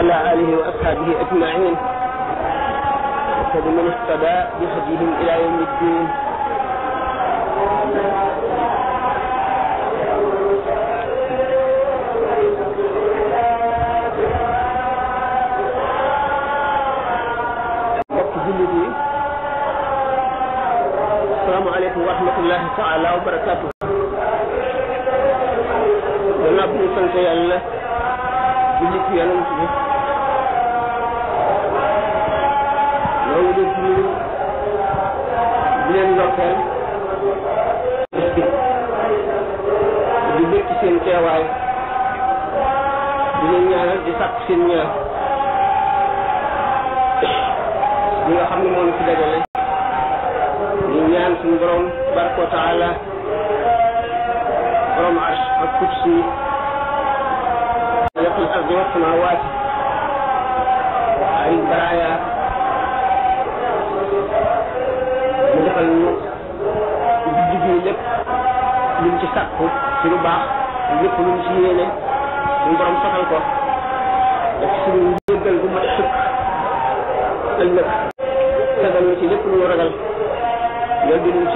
وعلى آله وأصحابه أجمعين من اهتدى بهديهم إلى يوم الدين السلام عليكم ورحمة الله تعالى وبركاته ونبني سنتي الله بجيك يا نمسي seen ñaan ñi nga xam ne moo ñu fi dajale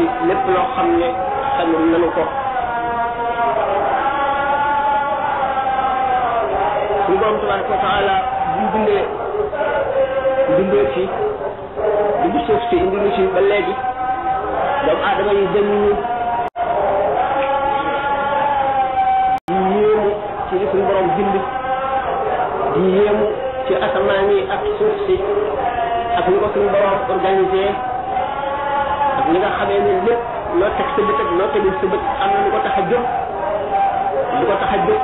ci lépp xam ne xelum nanu ko suñu borom wa taala buñ bindee bindee fi bindu suuf si indi ñu ci ba léegi doomu aadama yi dañuy yéemu ci li suñu borom di yéemu ci asamaan yi ak suuf si ak ñu ko suñu li nga xamee ne lépp loo teg sa bët loo tegul sa am na lu ko tax lu ko tax a jóg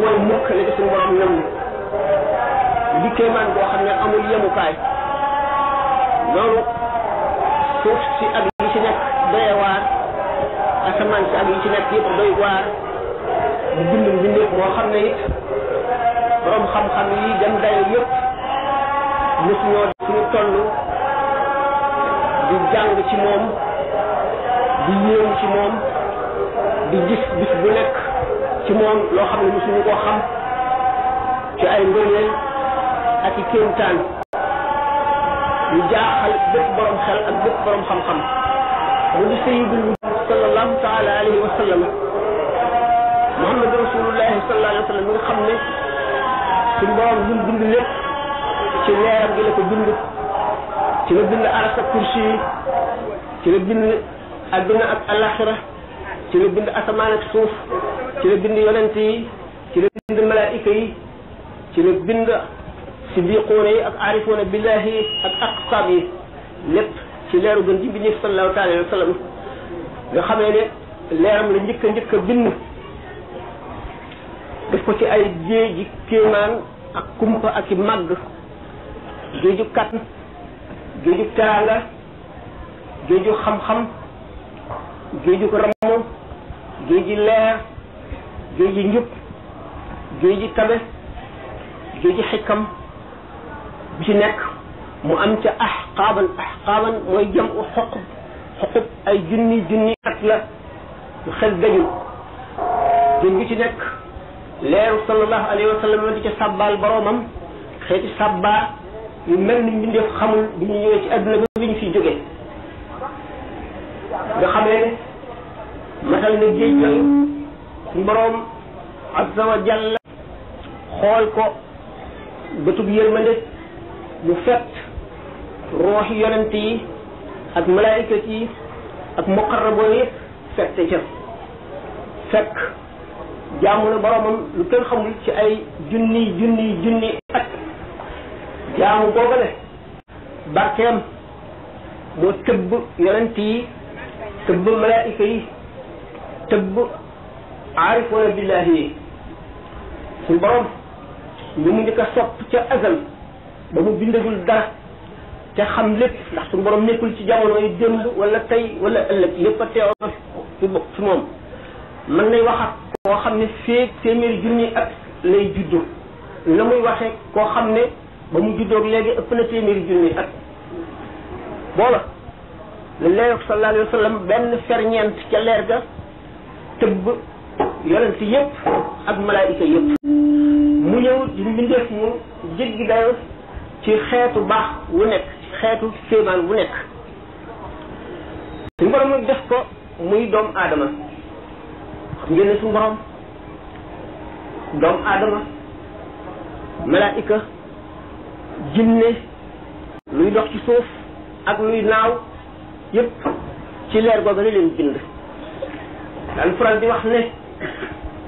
mooy mukk la ci suñu borom nangu di kéemaan boo xam ne amul yemukaay loolu suuf si ak yi ci nekk doye waar asamaan si ak yi ci nekk yëpp doy waar bu bind moo xam ne it borom xam-xam yi dem dayo yëpp mosu suñu toll di jàng ci moom di yéem ci moom di gis bis bu nekk ci moom loo xam ne mosuñu koo xam ci ay ngëneel ak i kéemtaan yu jaaxal bépp borom xel ak bépp borom xam-xam mu di sayidul wujud sallallahu taala alayhi wa sallam muhammad rasulullahi sallallahu alayhi wa sallam mi nga xam ne suñu borom dund dund lépp ci leeram gi la ko dund ci la bind aras ak ci la bind adduna ak alaxira ci la bind asamaan suuf ci la bind yonent yi ci la bind malaayika yi ci la bind siddiquuna ak aarifuuna billahi yi ak aqtaab yi lépp njëkk njëkk a bind def ko ci ay jéeji kéemaan ak kumpa ak i màgg jéeju kàttan géeju teraanga géeju xam-xam géeju ramm géeji leer géeji njub géeji tabe géeji xikam bu ci nekk mu am ca axqaaban axqaaban mooy jam u xoqub xoqub ay junni junni at la lu xel dajul jën bi ci nekk leeru sallallahu alayhi wa sallam di ca sàbbaal boromam xeeti sàbbaa yu mel ni mbindeef xamul bi ñu ñëwee ci àdduna ba bi ñu fiy jógee nga xamee ne matal na géej la suñu boroom azza wa jalla xool ko bëtub yërmande mu fett rooxi yonent yi ak malaayika yi ak muqarrabo yëpp fette ca fekk jaamu na boromam lu kenn xamul ci ay junni junni junni ma boobale barkeem moo tëbb yonent yi tëbb malaayika yi tëbb aarifoona billaahi yi suñu borom li mu njëkk a sopp ca azal ba mu bindagul dara te xam lépp ndax suñu borom nekkul ci jamono yi démb wala tey wala ëllëg lépp a teewoon fi moom mën nay wax ak xam ne féeg téeméeri junni at lay juddu la muy waxee koo xam ne ba mu juddoog léegi ëpp na téeméeri junni at booba la leer sallallahu alayhi wa sallam benn ferñeent ca leer ga tëbb yonent yëpp ak malaayika yëpp mu ñëw di mbindeef mu jéggi dayo ci xeetu ba wu nekk xeetu séemaan wu nekk suñu borom nag def ko muy doom aadama xam ngeen ne suñu borom doom jinne luy dox ci suuf ak luy naaw yépp ci leer googu leen bind daan faral di wax ne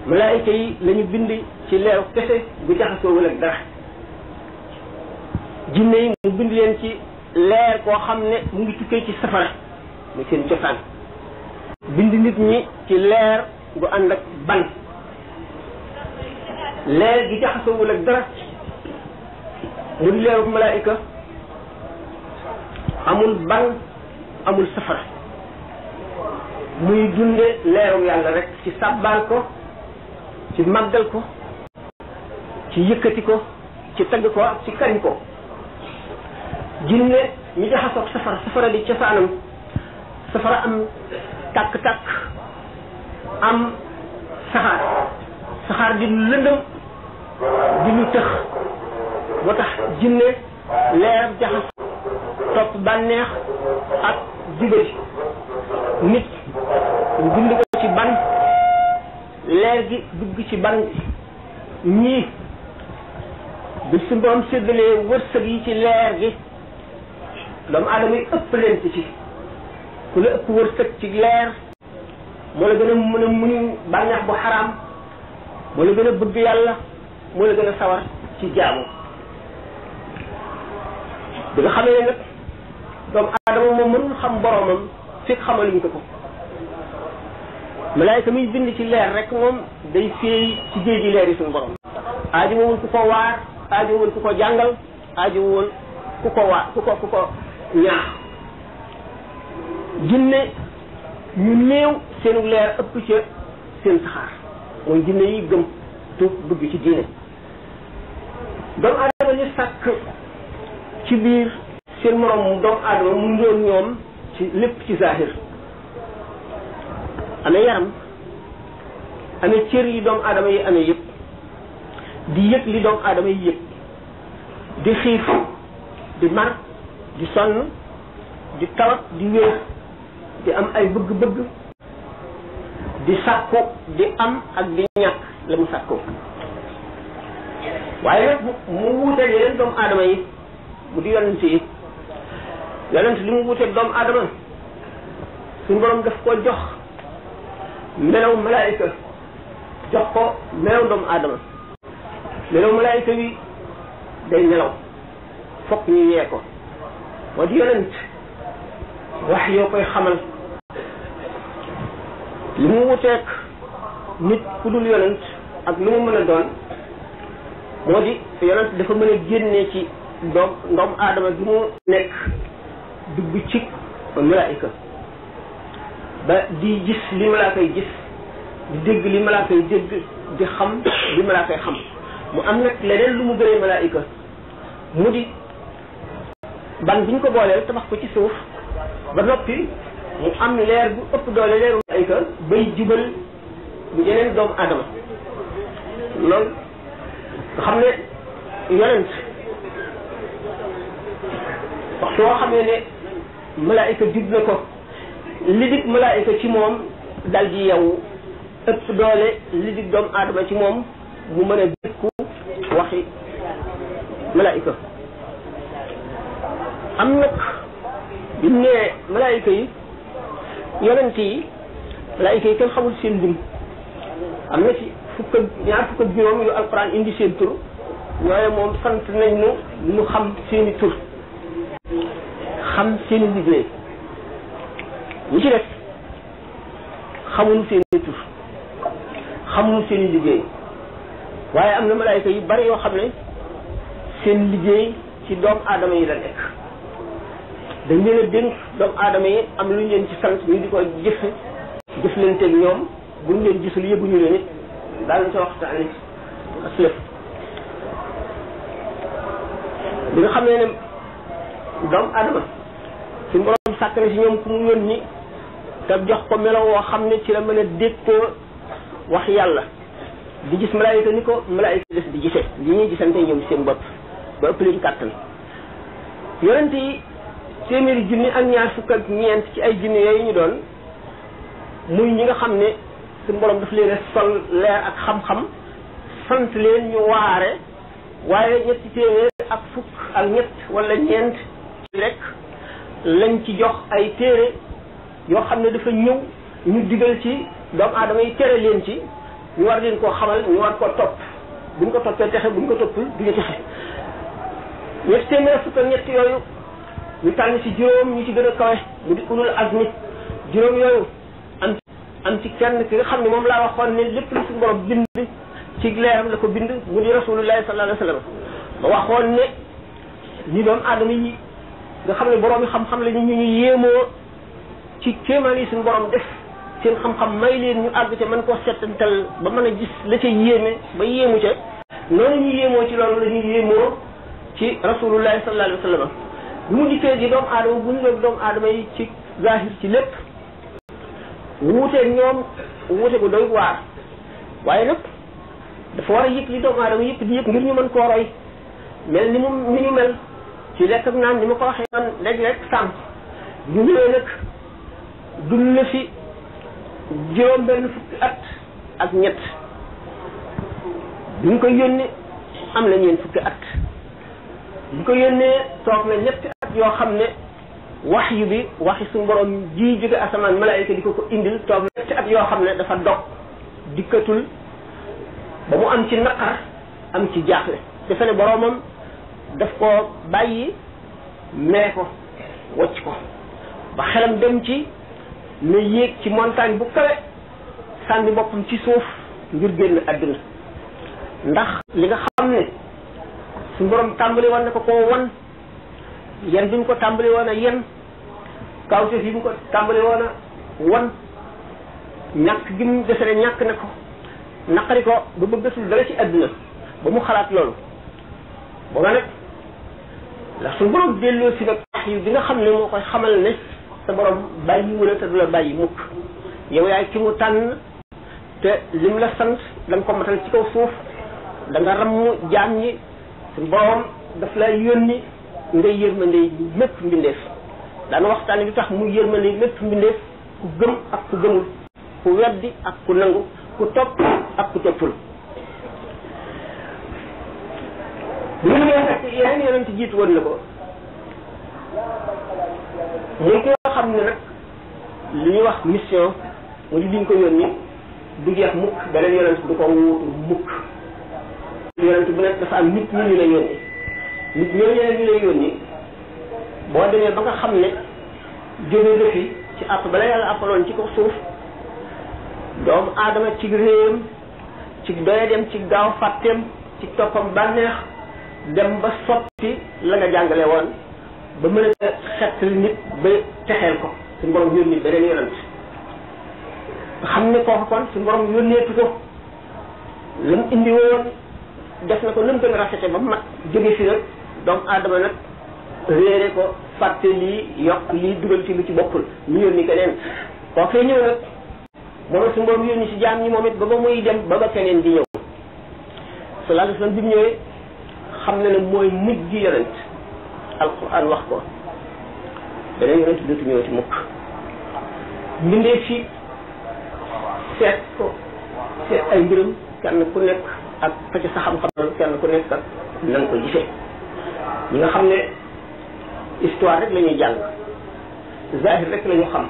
malaayika yi la bind ci leeru kese bu jaxasoowul ak dara jinne yi mu bind leen ci leer koo xam ne mu ngi tukkee ci safara muy seen cosaan bind nit ñi ci leer gu ànd ak leer gi jaxasoowul ak dara mu di leerub malaayika amul ban amul safara muy dunde leeru yàlla rek ci sàbbaal ko ci màggal ko ci yëkkati ko ci tagg ko ak ci kariñ ko jinne ñi jaxasoog safara safara di cosaanam safara am tàkk-tàkk am saxaar saxaar di lu lëndëm di lu tëx moo tax jinne leer jaxas topp bànneex ak jibari nit bind ko ci ban leer gi dugg ci ban gi ñii bi su borom séddalee wërsëg yi ci leer gi doomu aadama yi ëpp leen ci ku la ëpp wërsëg ci leer moo la gën a mën a muñu bànneex bu xaraam moo la gën a bëgg yàlla moo la gën a sawar ci jaamu bi nga xamee ne nag doomu aadama moom mënul xam boromam fekk luñ ko ko malaayka muy bind ci leer rek moom day féey ci géej gi leer yi suñu borom aajo woon ku ko waar aajo woon ku ko jàngal aajo woon ku ko waar ku ko néew seenu leer ëpp ca seen saxaar mooy jinne yi gëm tuub dugg ci diine doomu aadama li sàkk ci biir seen moroom doomu aadama mu ñoom ci lépp ci zahir amee yaram amee cër yi doomu aadama yi amee yëpp di yëg li doomu aadama yi yëg di xiif di mar di sonn di tawat di wéer di am ay bëgg-bëgg di sàkku di am ak di ñàkk la mu sàkku waaye nag mu wuute leen doomu aadama yi bu di yonent yi yonent li mu wuteeg doomu aadama suñ borom daf ko jox melaw malaayika jox ko melaw doomu aadama melaw malaayika wi day nelaw fokk ñu yee ko moo di yonent wax yoo koy xamal li mu wuteeg nit ku dul yonent ak lu mu mën a doon moo di yonent dafa mën a génnee ci doom doomu aadama gi mu nekk dugg ci malaayika ba di gis li malaakay gis di dégg li malaakay dégg di xam li malaakay xam mu am nag leneen lu mu gëree malaayika mu di ban bi ñu ko booleel tabax ko ci suuf ba noppi mu am leer bu ëpp doole leeru malaayika bay jubal bu yeneen doomu aadama loolu nga xam ne yonent soo xame ne malaayika dig na ko li dig ci moom dal di yow ëpp doole li dig doomu aadama ci moom mu mën a dékku waxi malaayika am nag bi mu nee malaayika yi yonent yi malaayika yi kenn xamul seen lim am na ci fukk ak ñaar fukk juróom yu alquran indi seen tur waaye moom sant nañ nu ñu xam seeni tur xam seeni liggéey ñi ci des xamuñu seeni liggéey waaye am na malaayka yu bari yoo xam ne seen liggéey ci doomu aadama yi la nekk dañ leen a dénk doomu aadama yi am lu ñu leen ci sant ñu di ko jëfe jëflanteeg ñoom bu ñu leen gisul yëguñu leen it daal ca waxtaane aslëf nga xam ne ne doomu adama suñ borom sàkk na si ñoom ku mu yónni te jox ko melo woo xam ne ci la mën a déggoo wax yàlla di gis malaayika ni ko malaayika des di gise li ñuy gisante ñoom seen bopp ba ëpp leen kàttan yonent yi téeméeri junni ak ñaar fukk ak ñeent ci ay junni yooyu ñu doon muy ñi nga xam ne suñu borom daf leen sol leer ak xam-xam sant leen ñu waare waaye ñetti téeméer ak fukk ak ñett wala ñeent rek lañ ci jox ay téere yoo xam ne dafa ñëw ñu digal ci doomu aadama yi tere leen ci ñu war leen koo xamal ñu war koo topp buñ ko toppee texe buñ ko toppul duñu texe ñett téeméer fukk ak ñett yooyu ñu tànn ci juróom ñu ci gën a kawe mu di ulul azmi juróom yooyu am am ci kenn ki nga xam ne moom laa waxoon ne lépp lu suñu borom bind ci leeram la ko bind mu di rasulullahi sallallahu alayhi waxoon ne ñi doom aadama yi nga xam ne borom yi xam-xam la ñu ñu yéemoo ci kéemaan yi suñu borom def seen xam-xam may leen ñu àgg ca man koo settantal ba mën a gis la ca yéeme ba yéemu ca noonu ñu yéemoo ci loolu la ñuy yéemoo ci rasulullahi sallallahu alayhi wa sallam bu mu dikkee ji doomu aadama bu ñu doon doomu aadama yi ci zahir ci lépp wuuteeg ñoom wuute gu doy waar waaye nag dafa war a yëg li doomu aadama yëpp ngir ñu mën koo roy mel ni mu ni ñu mel ci lekk ak naan ni ma ko waxee man léeg-léeg sàmm ñu ñëwee nag dund na fi juróom benn fukki at ak ñett bi ñu koy yónnee am na ñeen fukki at bi ko yónnee toog na ñetti at yoo xam ne wax yu bi waxi suñu borom ji jóge asamaan malaayika di ko ko indil toog na ñetti at yoo xam ne dafa dog dikkatul ba mu am ci naqar am ci jaaxle defe ne boromam daf koo bàyyi mee ko wacc ko ba xelam dem ci na yéeg ci montagne bu kawe sànni boppam ci suuf ngir génn àdduna ndax li nga xam ne su borom tàmbali woon na ko koo won yen bi mu ko tàmbali woon a yen kawteef yi mu ko tàmbali woon a wan ñàkk gi mu desere ñàkk ne ko naqari ko ba bëggatul dala ci àdduna ba mu xalaat loolu booba nag ndax su borom delloo si nag wax bi nga xam ne moo koy xamal ne sa borom bàyyi wu la te du la bàyyi mukk yow yaay ci mu tànn te lim la sant da nga ko matal ci kaw suuf da nga ramm jaam ñi suñu borom daf lay yónni nga yërmande mépp mbindeef daana waxtaan bi tax mu yërmande mépp mbindeef ku gëm ak ku gëmul ku weddi ak ku nangu ku topp ak ku toppul li mu leen fekk yeneen yonent jiitu woon na ko ñi ki nga xam ne nag li ñuy wax mission mu di liñ ko yónni du jeex mukk beneen yonent du ko wuutu mukk yonent bu nekk dafa am nit ñu ñu la yónni nit ñoo ñeneen ñu la yónni boo demee ba nga xam ne ci àpp bala yàlla ci suuf doomu aadama ci ci ci gaaw fàtteem ci toppam bànneex dem ba sotti la nga jàngale woon ba mën a xettali nit ba texeel ko suñu borom yónni beneen yonent xam ne kooku kon suñu borom yónneetu ko la mu indi woon def na ko la mu na a rafete ba mat jóge fi nag doomu aadama nag réere ko fàtte lii yokk lii dugal ci lu ci bokkul ñu yónni keneen kookee ñëw nag moom suñu borom yónni si jaam ñi moom it ba ba muy dem ba ba keneen di ñëw sallallahu alayhi wa sallam bi ñëwee xam na ne mooy mujj yonent alquran wax ko beneen yonent dootu ñëwati mukk mbindee fi seet ko seet ay mbiram kenn ku nekk ak fa sa xam-xam kenn ku nekk ak na ko gisee ñi nga xam ne histoire rek lañuy ñuy jàng zahir rek lañu xam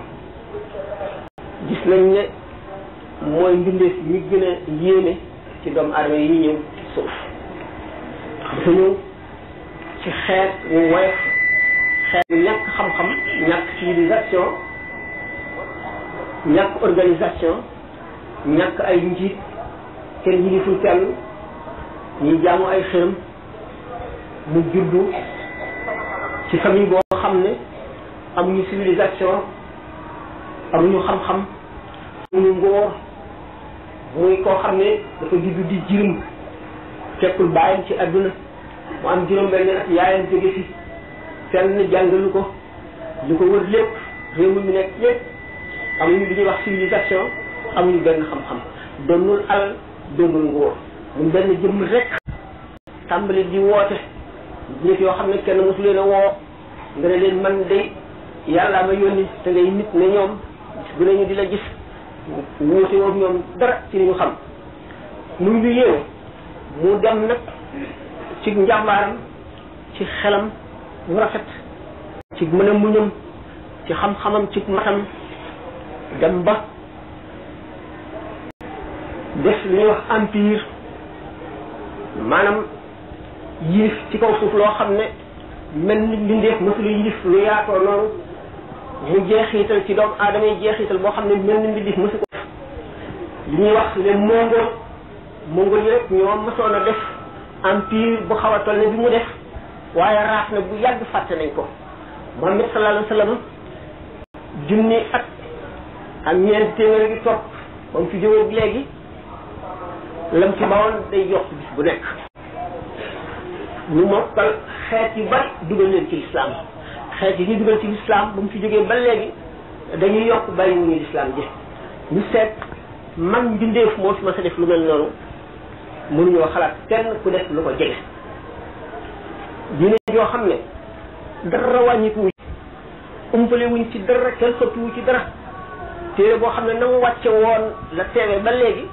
gis nañ ne mooy mbindeef ñi gën a yéeme ci doom aadama yi ñëw suuf dafa ñëw ci xeet wu woyof xeet yu ñàkk xam-xam ñàkk civilisation ñàkk organisation ñàkk ay njiit kenn yiliful kenn ñuy jaamu ay xërëm mu juddu ci famille boo xam ne amuñu civilisation amuñu xam-xam amuñu ngóor muy koo xam ne dafa juddu di jirim tekkul bàyyam ci àdduna mu am juróom-benn at yaayam jóge fi fenn jàngalu ko lu ko wër lépp réew mi nekk yépp amuñu li ñuy wax civilisation amuñu benn xam-xam doonul alal doonul nguur mu benn jëmm rek tàmbali di woote nit yoo xam ne kenn mosu leen a woo nga ne leen man de yàllaa ma yónni te ngay nit ne ñoom bu nañu di la gis wuute woog ñoom dara ci li ñu xam muy lu yéew mu dem nag ci njàmbaaram ci xelam mu rafet ci mën a muñam ci xam-xamam ci matam dem ba def li ñuy wax empire maanaam yilif ci kaw suuf loo xam ne mel ni mbindeef mësul yilif lu yaatoo noonu mu jeexital ci doomu aadama yi jeexital boo xam ne mel ni mbindeef mësu ko def li ñuy wax les Mongols Mongols yi rek ñoo mësoon def empire bu xaw a toll ne bi mu def waaye raaf na bu yàgg fàtte nañ ko Muhammad sallallahu alayhi wa junni at ak ñeenti téeméer gi topp ba mu fi jógee léegi lam ci bawoon day yokk bis bu nekk ñu mokkal xeet yu ba dugal leen ci lislaam xeet yi ñu dugal ci lislaam ba mu fi jógee ba léegi dañuy yokk bari ñu lislaam ji ñu seet man mbindeef moo fi sa def lu mel noonu mënuñoo xalaat kenn ku def lu ko jege diine joo xam ne dara wàññikuwu umpale wuñ ci dara kenn xëttuwu ci dara téere boo xam ne na mu wàcce woon la teewee ba léegi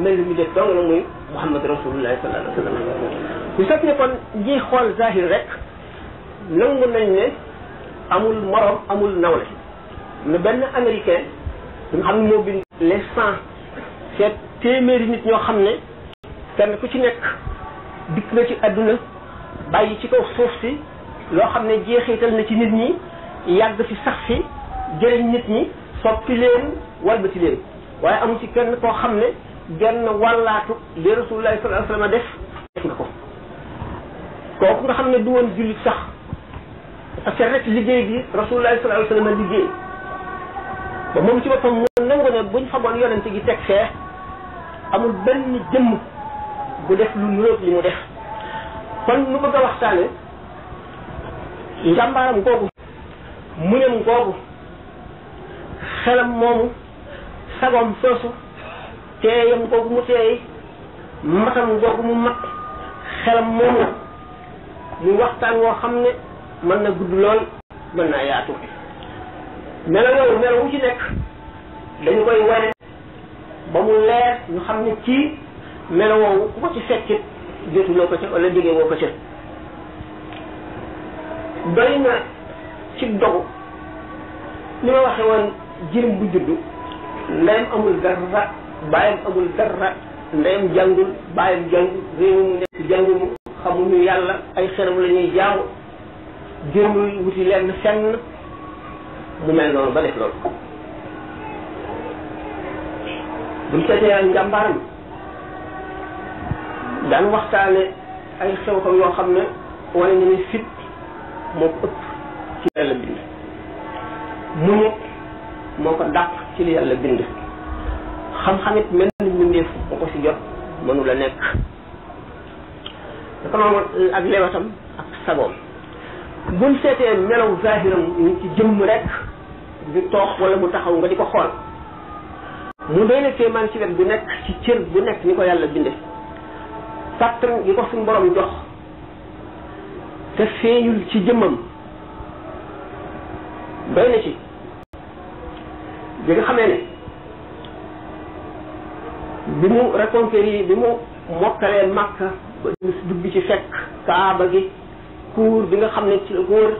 mel ni mu def dong la muy muhammad rasulullahi sallallahu alayhi wa sallam bu fekk ne kon ñiy xool zahir rek nangu nañ ne amul morom amul nawle ne benn américain nga xam ne moo bind les cent seet téeméeri nit ñoo xam ne kenn ku ci nekk dikk na ci àdduna bàyyi ci kaw suuf si loo xam ne jeexital na ci nit ñi yàgg fi sax fi jëriñ nit ñi soppi leen walbati leen waaye amu ci kenn koo xam ne genn wàllaatu li rasulullahi sallallahu alayhi wasallam def def nga ko kooku nga xam ne du woon jullit sax parce que rek liggéey bi rasulullahi sallallahu alayhi wasallam liggéey ba moom ci boppam moo nangu ne buñ xamoon yonente gi teg fee amul benn jëmm bu def lu nuroog li mu def kon nu bëgg a waxtaane njàmbaaram googu muñam googu xelam moomu sagoom soosu teeyam googu mu teey matam googu mu mat xelam moomu mu waxtaan woo xam ne mën na gudd lool mën naa yaatu melo yooyu melo wu ci nekk dañu koy wane ba mu leer ñu xam ne kii melo ku ko ci fekkit jotuloo ko ci wala jege woo ko ca doy na ci dogu ni ma waxe woon jirim bu juddu ndeyam amul dara bàyyam amul dara ndeyam jàngul bàyyam jàngul réew mu nekk jàngul xamuñu yàlla ay xeram lañuy ñuy jaamu jërmul wuti lenn fenn mu mel noonu ba def loolu buñ seetee njàmbaaram daan waxtaane ay xew yoo xam ne wane na ni fit moo ko ëpp ci yàlla bind muñu moo ko dàq ci li yàlla bind xam-xamit mel ni mbindeef moo ko si jot mënula nekk naka noonu ak lewatam ak sagoom buñ seetee melaw zahiram ñu ci jëmm rek di toox wala mu taxaw nga di ko xool mu doy na man ci wet bu nekk ci cër bu nekk ni ko yàlla binde kàttan gi ko suñ borom jox te feeñul ci jëmmam doy na ci bi nga xamee ne bi mu reconquérir bi mu mokkalee Makka ba dugg ci fekk kaaba gi kuur bi nga xam ne ci la ko wër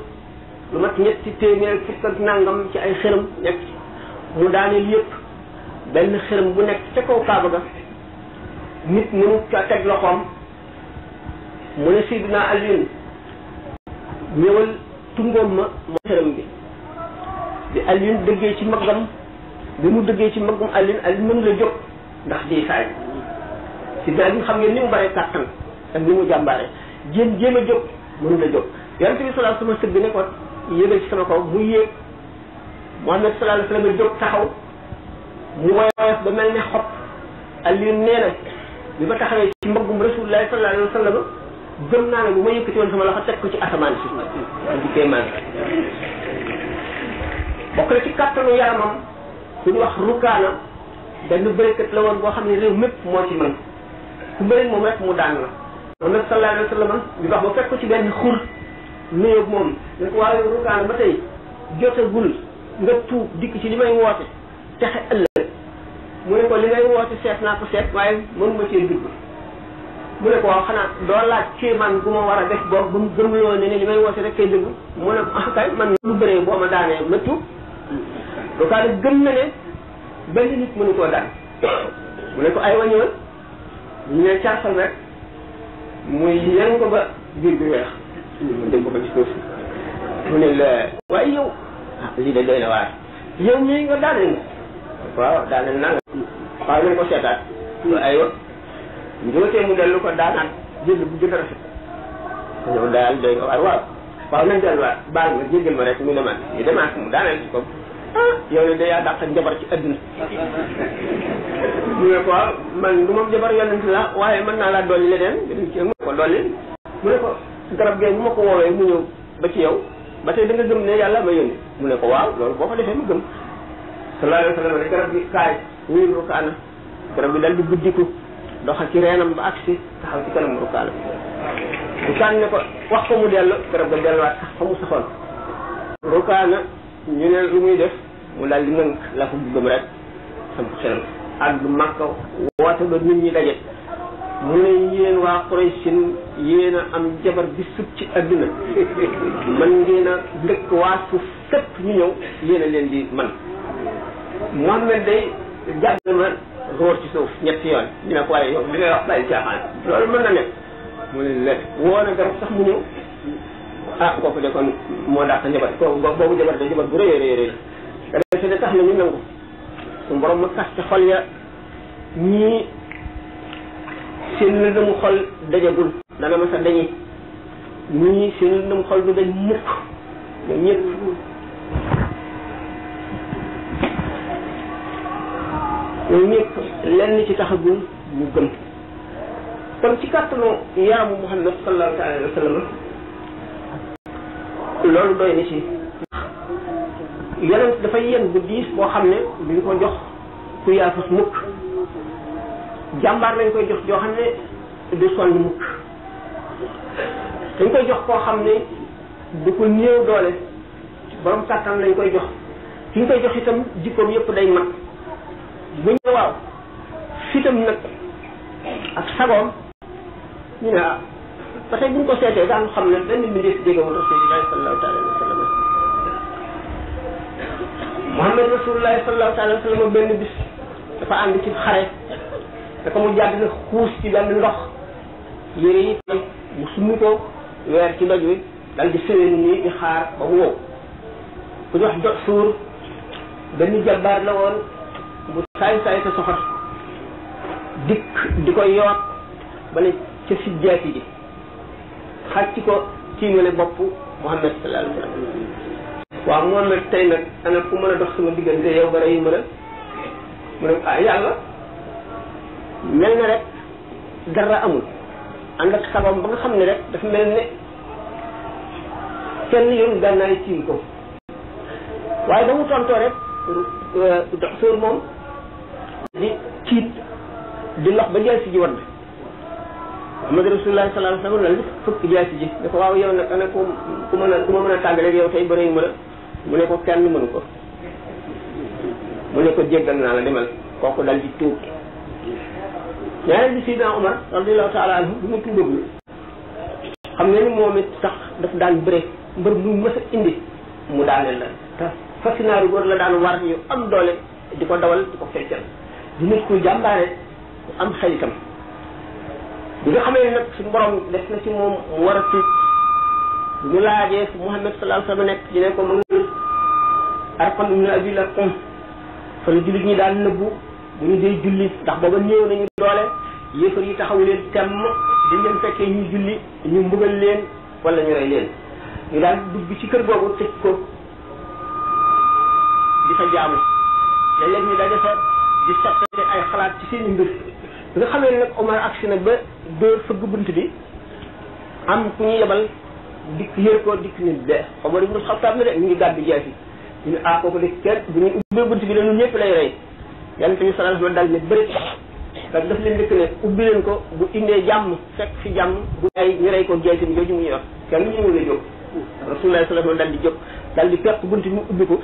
lu mat ñetti téeméer fukk ak nangam ci ay xërëm nekk mu daaneel yépp benn xërëm bu nekk ca kaw kaaba ga nit mënu ca teg loxoom mu ne Seydina Alioune ñëwal tungoom ma moo tëram bi di Alioune dëggee ci maggam bi mu dëggee ci maggam Alioune Alioune mën jóg ndax di saay Seydina Alioune xam nga ni mu bare kàttan ak ni mu jàmbaare jéem jéem a jóg mënu la jóg yonent bi sallallahu ko yéegal ci sama kaw mu yéeg Muhammad sallallahu alayhi wasallam jóg taxaw mu woyof ba mel ne xob Alioune nee bi ma taxawee ci mbaggum rasulullahi sallallahu alayhi wa sallam gëm naa ne bu ma yëkkati woon sama loxo teg ko ci asamaan si di kéemaan bokk ci kàttanu yaramam ku ñu wax rukaana benn bërekat la woon boo xam ne réew mépp moo ci mën ku bëri moom rek mu daan la moom nag sallallahu alayhi wa sallam ba fekk ko ci benn xur nuyoo moom ne ko waaye rukaana ba tey jotagul nga tuub dikk ci li may woote texe ëllëg mu ne ko li ngay woote seet naa ko seet waaye mënuma cee dugg mu ne ko waaw xanaa doo laaj ci man bu ma war a def boog ba mu gëmloo ne ne li may woote rek kay dëgg mu ne ko ah kay man lu bëree boo ne benn daan mu ne ko ay wañoon ñu ne caasal rek muy yan ko ba biir bi weex mu ne la waaye yow ah lii de doy na waar yow mii nga daanee waaw daal ne nanga waaw ñu ne ko seetaat lu ay wa njóotee mu dellu ko daanaat jéggi bu gën a rafet ñëw daal day ko waaw waaw waaw nañ baal ma jéggal ma rek mu demaat mu daaneel ci ko ah yow ne da yaa dàq njabar ci adduna mu ne ko ah, man du moom jabar yonent la waaye mën naa laa dolli leneen def ci mu ne ko dolli mu ne ko garab gee bu ma ko woowee mu ñëw ba ci yow ba tey da nga gëm ne yàlla ma yónni mu ne ko waaw loolu boo ko defee ma gëm sallallahu alayhi wa sallam ne garab gi kaay wuyul rukaana garab gi dal di guddiku doxa ci reenam ba agsi taxaw ci kanam rukaana bu sànni ne ko wax ko mu dellu garab ga delluwaat sax fa mu saxoon rukaana ñu ne lu muy def mu daal di nënk la ko bëggam rek sam ko xelam yéen am jabar bi sut ci adduna man ngeen a dëkk waa suuf képp ñu ñëw yéen leen di man Muhammad day jàng ma góor ci suuf ñetti yoon ñu ne ko waaye yow li ngay wax caaxaan loolu mën na ne lekk woo na sax mu ñëw ko ah kooku de kon moo dàq njabar boobu jabar da jabar bu rëy rëy rëy te de tax na ñu nangu suñu borom mu tax ci xol ya ñii seen lëndëmu xol dajagul dana ma sa dañi ñii seen lëndëmu xol du dañ mukk ñoom ñëpp ñoom ñëpp lenn ci tax a kon ci kàttanu yaamu muhammad sallallahu loolu doy ni ci yonent dafa yen bu diis boo xam ne duñ ko jox ku yaafus mukk jàmbaar lañ koy jox joo xam ne du sonn mukk dañ koy jox koo xam ne du ko néew doole borom kàttan lañ koy jox ki ñu koy jox itam jikkoom yëpp day mat buñ ne waaw fitam nag ak sagoom ñu ne ah ba buñ ko seetee daan xam ne benn mbindeef jegewul rasulillahi sallallahu taala wa sallam Muhammad rasulillahi sallallahu taala benn bis dafa ànd ci xare dafa mu jàdd na xuus ci benn ndox yére yi tey mu summi ko weer ci doj dal di sëwéen nii di xaar ba mu wow ku ñu wax suur benn jàbbaar la woon saay saay sa soxor dikk di ko yoot ba ne ca sidjaati ji xàcc ko tiimale bopp Muhammad sallallahu alayhi waaw moom nag tey nag ana ku mën a dox sama diggante yow ba rey ma la mu ne ah yàlla mel na rek dara amul ànd ak sabam ba nga xam ne rek dafa mel ne kenn yoon gànnaay tiim ko waaye ba mu tontoo rek euh, dox moom di tiit di lox ba jaasi ji wadd wa sallam daal fukki jaasi ji ne ko waaw yow nag ana mën a ku a mu ne ko kenn mënu ko mu ne ko jéggal naa la demal bi Seydina Omar radiyallahu taala anhu bu mu tuubagul xam nga ni moom it sax daf daan bëre mbër mu mës a indi mu daaneel la fasinaaru góor la daan war yu am doole di ko dawal di ko feccal di ko kuy jàmbaare ku am xel itam bi nga xamee nag suñu borom def na ci moom mu war a tuub ñu laajee fu Muhammad sallallahu alayhi wasallam nekk ñu ko mu ngi Arqam ibn Abi Arqam la jullit ñi daal nëbbu bu ñu dee julli ndax booba néew nañu doole yéefar yi taxaw leen temm dañ leen fekkee ñu julli ñu mbugal leen wala ñu rey leen ñu daan dugg ci kër boobu tëj ko di fa jaamu léeg-léeg ñu di soppante ay xalaat ci seen mbir nga xamee ne nag Omar agsi na ba dóor fëgg bunt bi am ku ñu yebal dikk yër ko dikk ni de Omar ibnu Xattaab na de ñu ngi gàddu jaasi ñu ne ah kooku de kenn bu ñu ubbee bunt bi dañu ñëpp lay rey yàlla tamit sallallahu alayhi wa sallam daal ne bëri ndax daf leen dëkk ne ubbi leen ko bu indee jàmm fekk fi jàmm bu ay ñu rey ko jaasi jooju mu ñuy kenn ñu ngi lay jóg rasulullah sallallahu alayhi wa di jóg daal di pepp bunt bi mu ubbi ko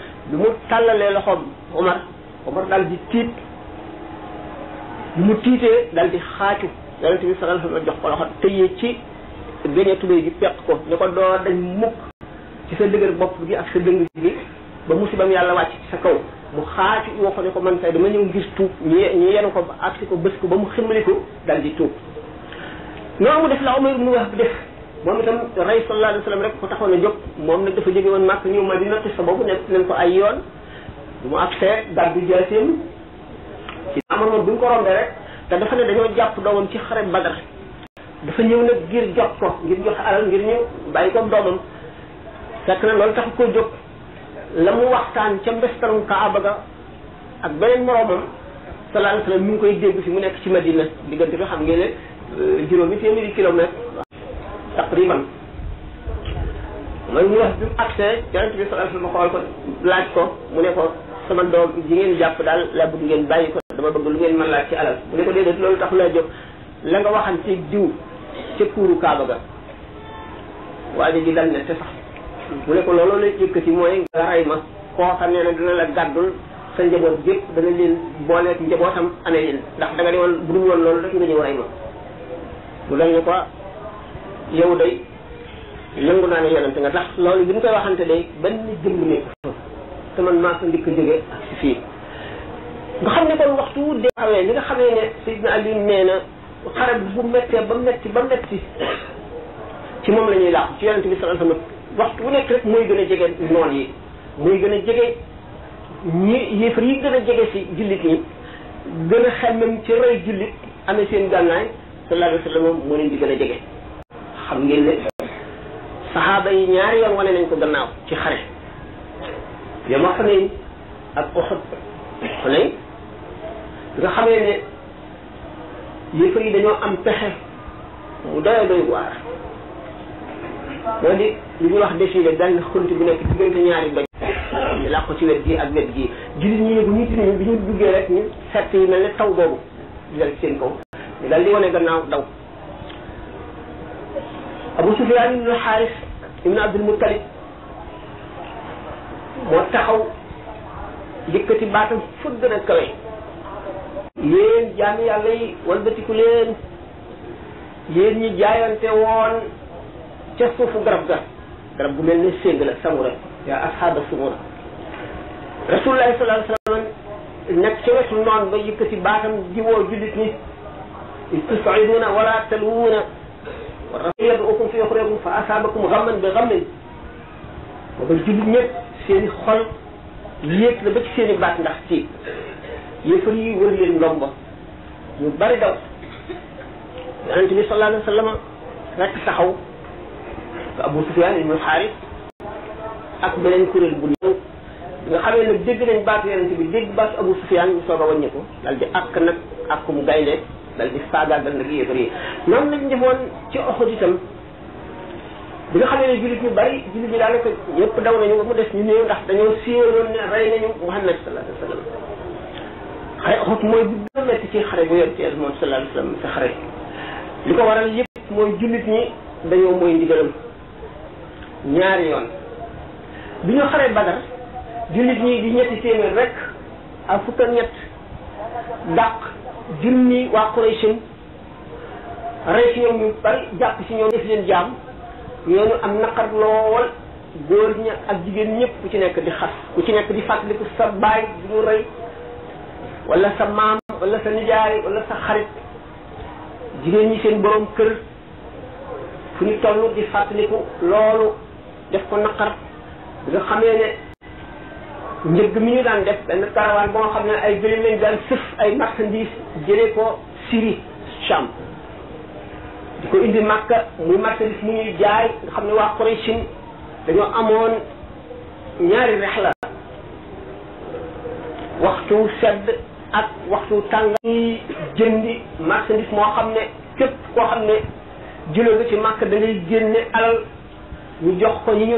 bi mu bu mu tiitee dal di xaatu yonente bi sallallahu alayhi wasallam jox ko loxo tëyee ci gënee tubéy gi peq ko ni ko doo dañ mukk ci sa dëgër bopp gi ak sa dëng gi ba musibam yàlla wàcc ci sa kaw mu xaacu woo ko ne ko man tay dama ñëw ngir tuub ñu ñu yenu ko ak si ko bés ko ba mu ximmali ko dal di tuub noonu mu def la Umar ibn Wahb def moom itam rey sallallahu alayhi wasallam rek ko taxoon a jóg moom nag dafa jóge woon ma ñëw Madina te sa boobu nekk nañ ko ay yoon mu abse gàddu jaaseem ci amar moom bi mu ko rombee rek te dafa ne dañoo jàpp doomam ci xare Badar dafa ñëw nag ngir jox ko ngir joxe alal ngir ñëw bàyyi ko doomam fekk na loolu tax koo jóg la mu waxtaan ca mbestarum Kaaba ga ak beneen moroomam sallallahu alayhi mu ngi koy dégg fi mu nekk ci Madina diggante bi xam ngeen ne euh, juróomi téeméeri kilomètre taqriban mooy mu wax bi mu accès yonent bi sallallahu alayhi wasallam xool ko laaj ko mu ne ko sama doom ji ngeen jàpp daal laa bëgg ngeen bàyyi ko dama bëgg lu ngeen mën laa ci alal bu ne ko déedéet loolu tax laa jóg la nga waxante diw ca kuuru Kaaba ga waajo ji dal ne te sax mu ne ko loolu la yëkkati mooy nga ray ma koo xam ne dina la gàddul sa njaboot gépp dana leen booleeg njabootam amee leen ndax da nga ne woon bu dul woon loolu rek nga ñëw rey ma mu dal ne ko yow day yëngu naa ne yonante nga ndax loolu bi ñu koy waxante day benn jëmm te man maa ko njëkk a jóge fii nga xam ne kon waxtu wu dee xawee li nga xamee ne Seydina Ali nee na xare bu méttee ba metti ba metti ci moom la ñuy laax ci yonente bi waxtu nekk rek mooy gën a jege noon yi mooy gën a jege ñi yéefar yi gën a jege si jullit ñi gën a xemmem ci rey jullit amee seen gànnaay sallallahu alayhi wasallam moo leen di gën a jege xam ngeen ne saxaaba yi ñaari yoon wane nañ ko gannaaw ci xare yow ma xamee ak Uhud Xunayn nga xamee ne yëfa yi dañoo am pexe mu doy doy waar loolu di li ñuy wax défilé benn xunt bu nekk diggante ñaari doj ñu làq ko wet gi ak wet gi jullit ñi ne bu ñuy bi ñu duggee rek ñu sett yi mel ne taw boobu di dal ci seen kaw ñu dal di wane gannaaw daw Abu Sufyaan ibnu Xaaris ibnu moo taxaw yëkkati baatam fu gën a kawe yéen jaami yàlla yi walbatiku leen yéen ñi jaayante woon ca suufu garab ga garab gu mel ne séng la samura yaa asxaaba samura rasulullahi sallallahu alayhi wa sallam nekk ca wetu noon ba yëkkati baatam di woo jullit ñi istusiduuna wala talwuuna wa rasul yaduukum fi uxrikum fa asaabakum xamman bi xammin ba jullit ñépp seen i xol yéeg la ba ci seen baat ndax tiit yéefar yi wër leen ndomba ñu bari daw yonente bi sallallahu alayhi wa sallam rekk taxaw nga Abu Sufyaan ibnul Xaaris ak beneen kuréel bu néew nga xamee nag dégg nañ baatu yonente bi dégg baatu Abu Sufyaan ñu soog a wàññi dal di àkk nag àkkum gaynde dal di faagaagal nag yéefar yi noonu lañ defoon ci Uhud itam bi nga xamee ne ne jullit ñu bari jullit ñi daanaka yëpp daw nañu ba mu des ñu néew ndax dañoo siiwaloon ne rey nañu Muhammad sallallahu alayhi wa sallam xare mooy bi gën a métti ci xare bu yor ci moom sallallahu alayhi sa xare li ko waral yëpp mooy jullit ñi dañoo mooy ndigalam ñaari yoon bi ñu xare Badar jullit ñi di ñetti téeméer rek ak fukk ak ñett dàq junni waa Quraysh rey si ñoom si ñoom def leen jaam ñooñu am naqar lool góor ña ak jigéen ñépp ku ci nekk di xas ku ci nekk di fàttaliku sa baay bi mu rey wala sa maam wala sa nijaay wala sa xarit jigéen ñi seen borom kër fu ñu toll di fàttaliku loolu def ko naqar nga xamee ne njëgg mi ñu daan def benn karawaan boo xam ne ay gëléem lañ daan sëf ay marchandise jëlee ko Syrie Cham di ko indi Makka muy marchandise mu ñuy jaay nga xam ne waa Quraysh dañoo amoon ñaari rexla waxtu sedd ak waxtu tàng ñuy jëndi marchandise moo xam ne képp koo xam ne jëloo nga ci Makka da ngay génne jox ko ñi ñu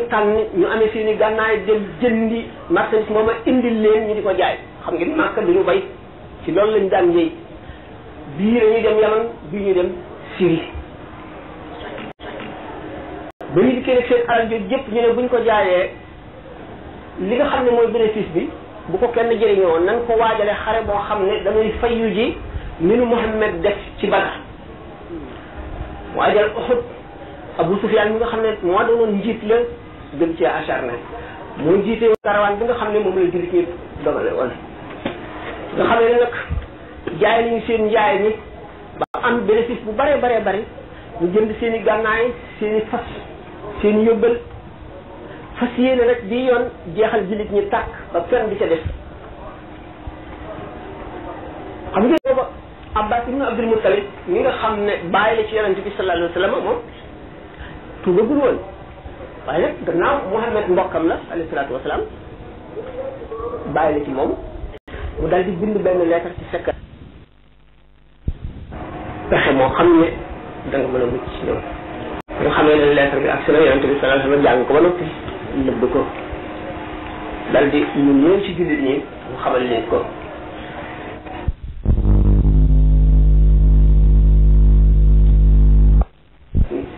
ñu amee seeni gànnaay jël jëndi marchandise moom a indil leen ñu di ko jaay xam ngeen Makka duñu bay ci loolu lañ daan yëy bii la dem Yaman bii ñu dem Syrie ba ñu dikkee nag seen alal jooju yëpp ñu ne bu ñu ko jaayee li nga xam ne mooy bénéfice bi bu ko kenn jëriñoo nan ko waajale xare boo xam ne damay dangay yu ji ni nu Muhammad def ci Badar waajal Uhud Abu Sufyaan mu nga xam ne moo doonoon njiit la gën ci acharné moo jiite karawaan bi nga xam ne moom la jullit ñi dogale woon nga xam ne nag jaay nañu seen njaay mi ba am bénéfice bu bare bare bari mu jënd seen i gànnaay seen fas seen yóbbal fas yéene nag bii yoon jeexal jullit ñi tàkk ba fenn di ca def xam nga booba Abbas ibnu Abdul Muttalib mi nga xam ne bàyyi la ci yonente bi sallallahu alayhi wa sallam moom tuubagul woon waaye nag gannaaw Muhammad mbokkam la mu daal bind benn lettre ci fekk pexe moo xam ne da mën a mucc ci ñoom ñu xamee ne lettre bi ak si la yonente bi sallallahu alayhi jàng ko ba noppi nëbb ko dal di ñun ci jullit ñi mu xamal leen ko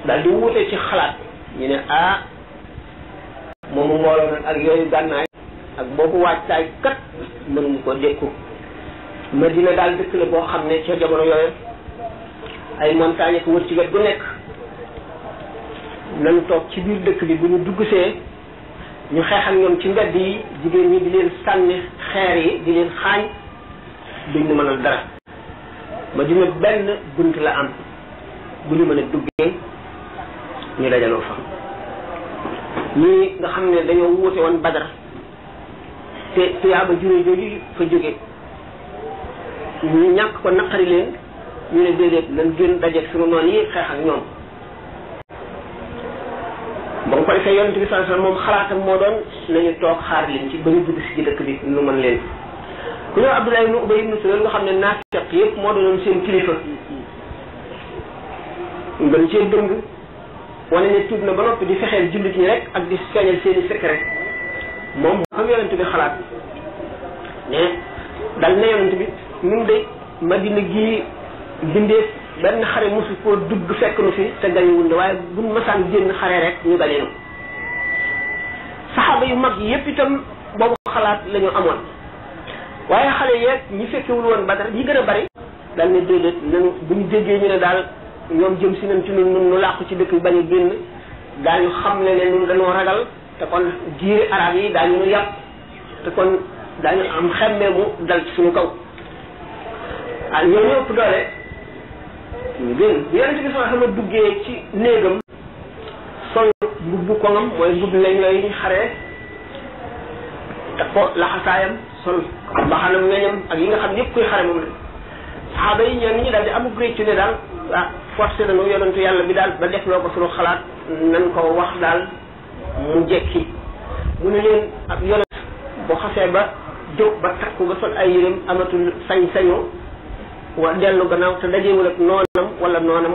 dal di ci xalaat ñu ne ah moomu mbooloo nag ak yooyu gànnaay ak boobu waajtaay kat mënuñu ko dékku Madina daal dëkk la boo xam ne ca jamono yooyu ay montagne ko wër ci wet bu nekk nañu toog ci biir dëkk bi bu ñu duggsee ñu xeexal ñoom ci mbedd yi jigéen ñi di leen sànni xeer yi di leen xaañ duñ ñu mënal dara Madina benn bunt la am bu ñu mën a duggee ñu dajaloo fa ñii nga xam ne dañoo wuute woon badar te tuyaaba juree jooju fa jóge ñu ñàkk ko naqari leen ñu ne déedéet lan gën dajeeg suñu noonu yi xeex ak ñoom ba ko defee yonent bi sallallahu alayhi wasallam moom xalaatam moo doon nañu toog xaar leen ci ba ñu dugg si ci dëkk bi nu mën leen ku ñëw Abdoulaye ibn Ubay ibn Salul nga xam ne naafiq yëpp moo doonoon seen kilifa gën cee dëng wane ne tuub na ba noppi di fexee jullit yi rek ak di feeñal seeni secret moom xam yonent bi xalaat ne dal na yonent bi ñun de Madina gii bindeef benn xare mosu koo dugg fekk nu fi te gañewul ne waaye buñ masaan génn xare rek ñu gañenu saxaaba yu mag yépp itam boobu xalaat lañu amoon waaye xale yeeg ñi fekkewul woon Badar ñi gën a bari daal ne déedéet nan buñ déggee ñu ne daal ñoom jëm si nañ ci nun nun nu làqu ci dëkk bi bañ a génn daañu xam ne ne nun dañoo ragal te kon diire arab yi daañu ñu yàpp te kon daañu am xemmee mu dal suñu kaw ah ñoo ñëpp doole dégg nga duggee ci néegam sol mbubbu koŋam la ñu xaree ko laxasaayam sol mbaxanam weñam ak yi nga xam yëpp kuy xare moom la saxaaba yi ñeen ñi daal di amuk réccu ne daal ah, yonentu yàlla bi daal ba def loo ko suñu xalaat nan ko wax daal mu jekki mu ne leen ak yonent boo xasee ba jóg ba takku ba sol ay yërëm amatul sañ-sañu wa dellu gannaaw te dajewul ak noonu wala noonam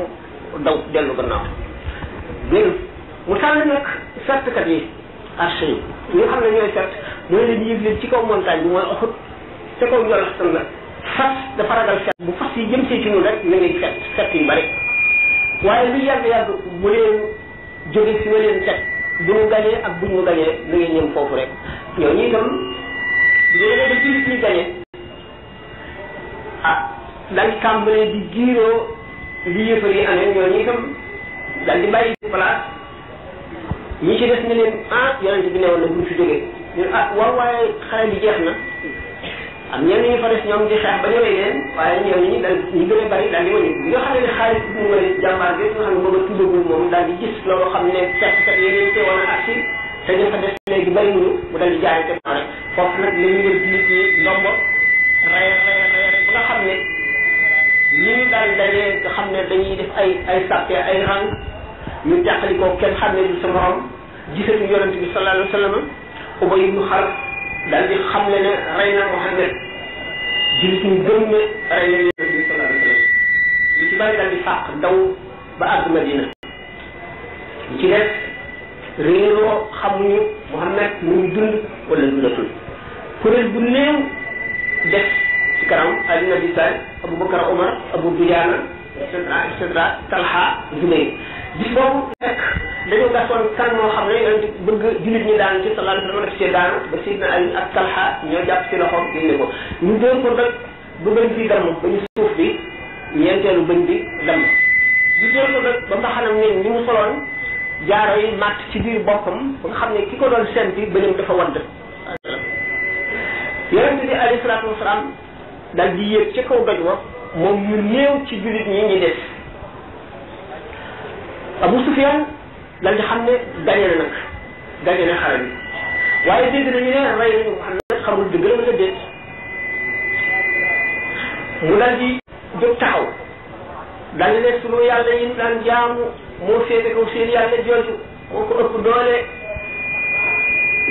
daw dellu gannaaw génn mu tànn nag settkat yi arche yi ñi nga xam ne ñooy sett mooy leen yëg leen ci kaw montagne bi mooy oxut ca kaw jollastan la fas dafa ragal set bu fas yi jëm see ci ñun rek na ngay set set yu bari waaye lu yàgg yàgg bu leen jóge fi leen set bu ñu gañee ak bu ñu gañee na ngay ñëm foofu rek ñoo ñi itam léeg-léeg ci ciy gañee ah dañ tàmbalee di giiroo li yéefar yi amee ñoo ñi itam daal di bàyyi place ñi ci des ne leen ah yonent bi newoon na buñ fi jógee ñu ah, xare bi jeex na am ñenn ñu fa des ñoom di xeex ba ñu rey waaye ñooñu ñu daal ñu gën a bari daal di wëññi xam ne xaalis bi mu wëri jàmbaar nga xam ne booba tuddagul moom daal di loolu xam ne fettkat yi leen te woon a agsi te fa des léegi bari ñu mu daal di jaay te foofu nag la ñu leen di nit ñi xam ne ñii daan dajee xam ne dañuy def ay ay sàppe ay rang ñu jàqali kenn xam ne du sa morom gisatuñu yonent bi sallallahu alayhi wa sallam Ubay ibnu Xalaf di xam ne ne rey na Muhammad jullit ci bari daal di fàq daw ba àgg Madina ci def réeroo xamuñu Muhammad mu dund wala dundatul kuréel bu néew def karam ali ibn abi talib abu bakar umar abu dujana et cetera talha zubayr bis bobu nek dañu gasoon kan moo xam ne yonent bëgg julit ñi talha ñoo jàpp ci loxom génne ko ñu dóor ko nag bu bañ bi damm ba ñu suuf bi ko nag ba ni mu jaaro yi ci ba nga doon senti bëñam dafa wadd yonent bi alayhi salatu daal di yéeg ci kaw doj wa moom mu néew ci jullit ñi ñi des Abu Sufyan daal di xam ne gañe na nag gañe na xare bi waaye dégg nañu ne rey nañu Muhammad xamul dëgg la wala déet mu daal di jóg taxaw daal di ne sunu yàlla yi daan jaamu moo féete kaw seen yàlla jooju moo ko ëpp doole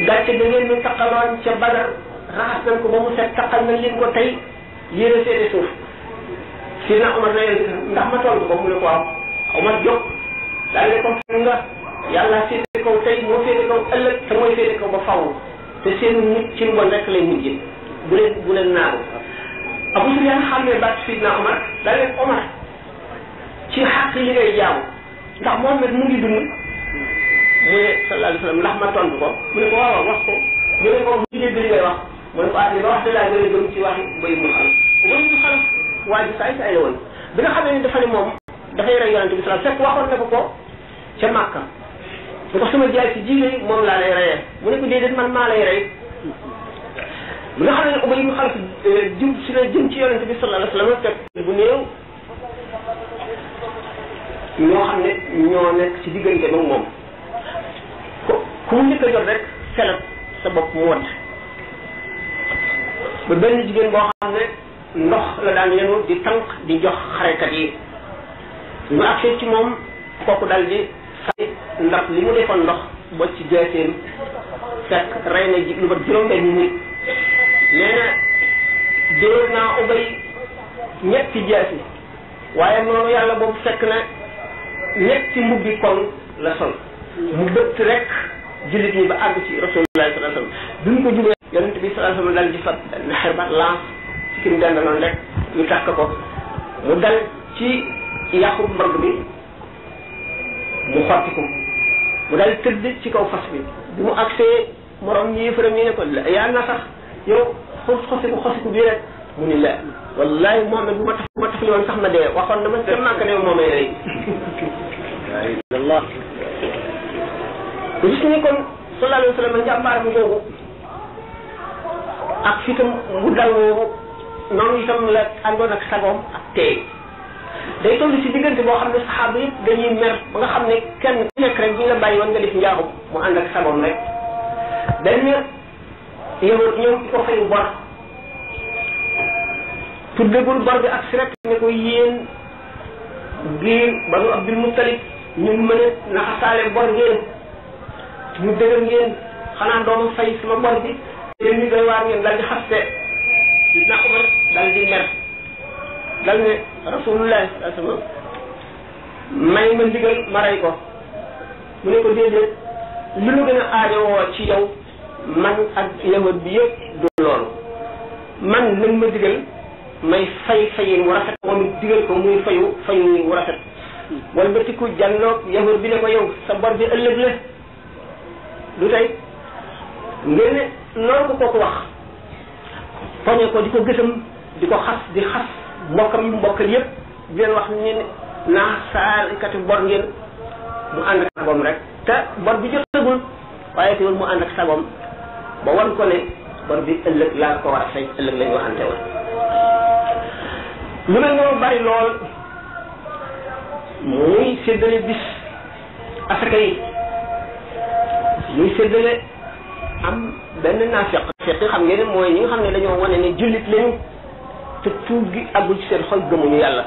gàcce da ngeen ñu taqaloon ca Badar raxas nañ ko ba mu set taqal nañ leen ko tey yéen a seede suuf si na Omar na yéen ndax ma toll ko mu ne ko waaw Omar jóg daal ne ko nga yàlla seede kaw tey moo seede kaw ëllëg te mooy seede kaw ba faww te seen mucc ci mbon rek lay mujjee bu leen bu leen naagu Abu Sufyaan xam ne baat Sidna Omar daal ne Omar ci xàq li ngay jaamu ndax Muhammad mu ngi dund mu ne sallallahu alayhi wa sallam ndax ma tontu ko mu ne ko waaw wax ko mu ne ko mu ngi dégg li ngay wax mu ne ko ah li ma wax de laa gën a gëm ci waxi mbay mu xal mbay mu xal waa ji saay saay la woon bi nga xamee ne dafa ne moom dafay rey yonente bi salaam fekk waxoon na ko ko ca Màkka bu ko sama jaay ci ji lay moom laa lay reyee mu ne ko déedéet man maa lay rey bi nga xam ne ubay mu xalaf euh, jëm si la jëm ci yonente bi sallallahu alayhi wasallam fekk bu néew ñoo xam ne ñoo nekk ci diggante ba moom ku mu njëkk a jot rek felat sa bopp mu wadd ba benn jigéen boo xam ne ndox la daan yenu di tànk di jox xarekat yi ñu agsee ci moom kooku dal di say ndax li mu defoon ndox ba ci geeseem fekk rey na ji lu ba juróom-benn nit nee na dóor naa ubay ñetti jaasi waaye noonu yàlla boobu fekk na ñetti mbubbi koŋ la sol mu bëtt rek jullit ñi ba àgg ci rasulullah sallallahu alayhi wasallam bi mu ko jubee yonent bi sallallahu alayhi wasallam dal di fat na xerbat lance ci ki mu dendaloon rek ñu takk ko mu dal ci yàqu mbagg bi mu xotti ko mu dal tëdd ci kaw fas bi bi mu agsee morom ñi yëfëram ñi ne ko yaa nga yow xos xosiku xosiku mu ni la wallahi Muhammad bu ma taf bu ma taf li woon sax ma dee waxoon na ma dem naa ko ne moom ay rey waaw gis ni kon sallallahu alayhi wa sallam jàmbaar bu googu ak fitam mu dal woowu noonu itam la àndoon ak sagoom ak teey day toll si diggante boo xam ne saxaaba yëpp dañuy ba nga xam ne kenn ku nekk rek bu ñu la bàyyi woon nga def njaaxum mu ànd ak sagoom rek benn yow ñoom ko fay bor tuddagul bor bi ak si rek ne ko yéen gi banu Abdul Muttalib ñun mën naxasaale bor ngeen ñu dëgër ngeen xanaa dooma fay sama bor bi yéen ñi doy waar dal di xaste sidna Umar dal di mer dal ne rasulullah sama may ma ndigal ma rey ko mu ne ko déedéet li mu gën a aajowoo ci yow man ak yahud bi yëpp du loolu man nañ ma digal may fay fayin wu rafet digal ko muy fayu fayin wu rafet wala ba tikku bi ne ko yow sa bor bi ëllëg la du tey ngeen ne noonu ko kooku wax foñee ko di ko gësam di ko xas di xas mbokkam yi mbokkal yépp di leen wax ni naa saalikati bor ngeen mu ànd ak sagom rek te bor bi jotagul waaye teewul mu ànd ak sagom ba wan ko ne bor bi ëllëg laa ko war a fay ëllëg lañu waxante woon lu mel noonu bari lool muy séddale bis asaka yi muy séddale am benn naafiq fiq xam ngeen ne mooy ñi nga xam ne dañoo wane ne jullit lañu te tuub gi àggul ci seen xol gëmuñu yàlla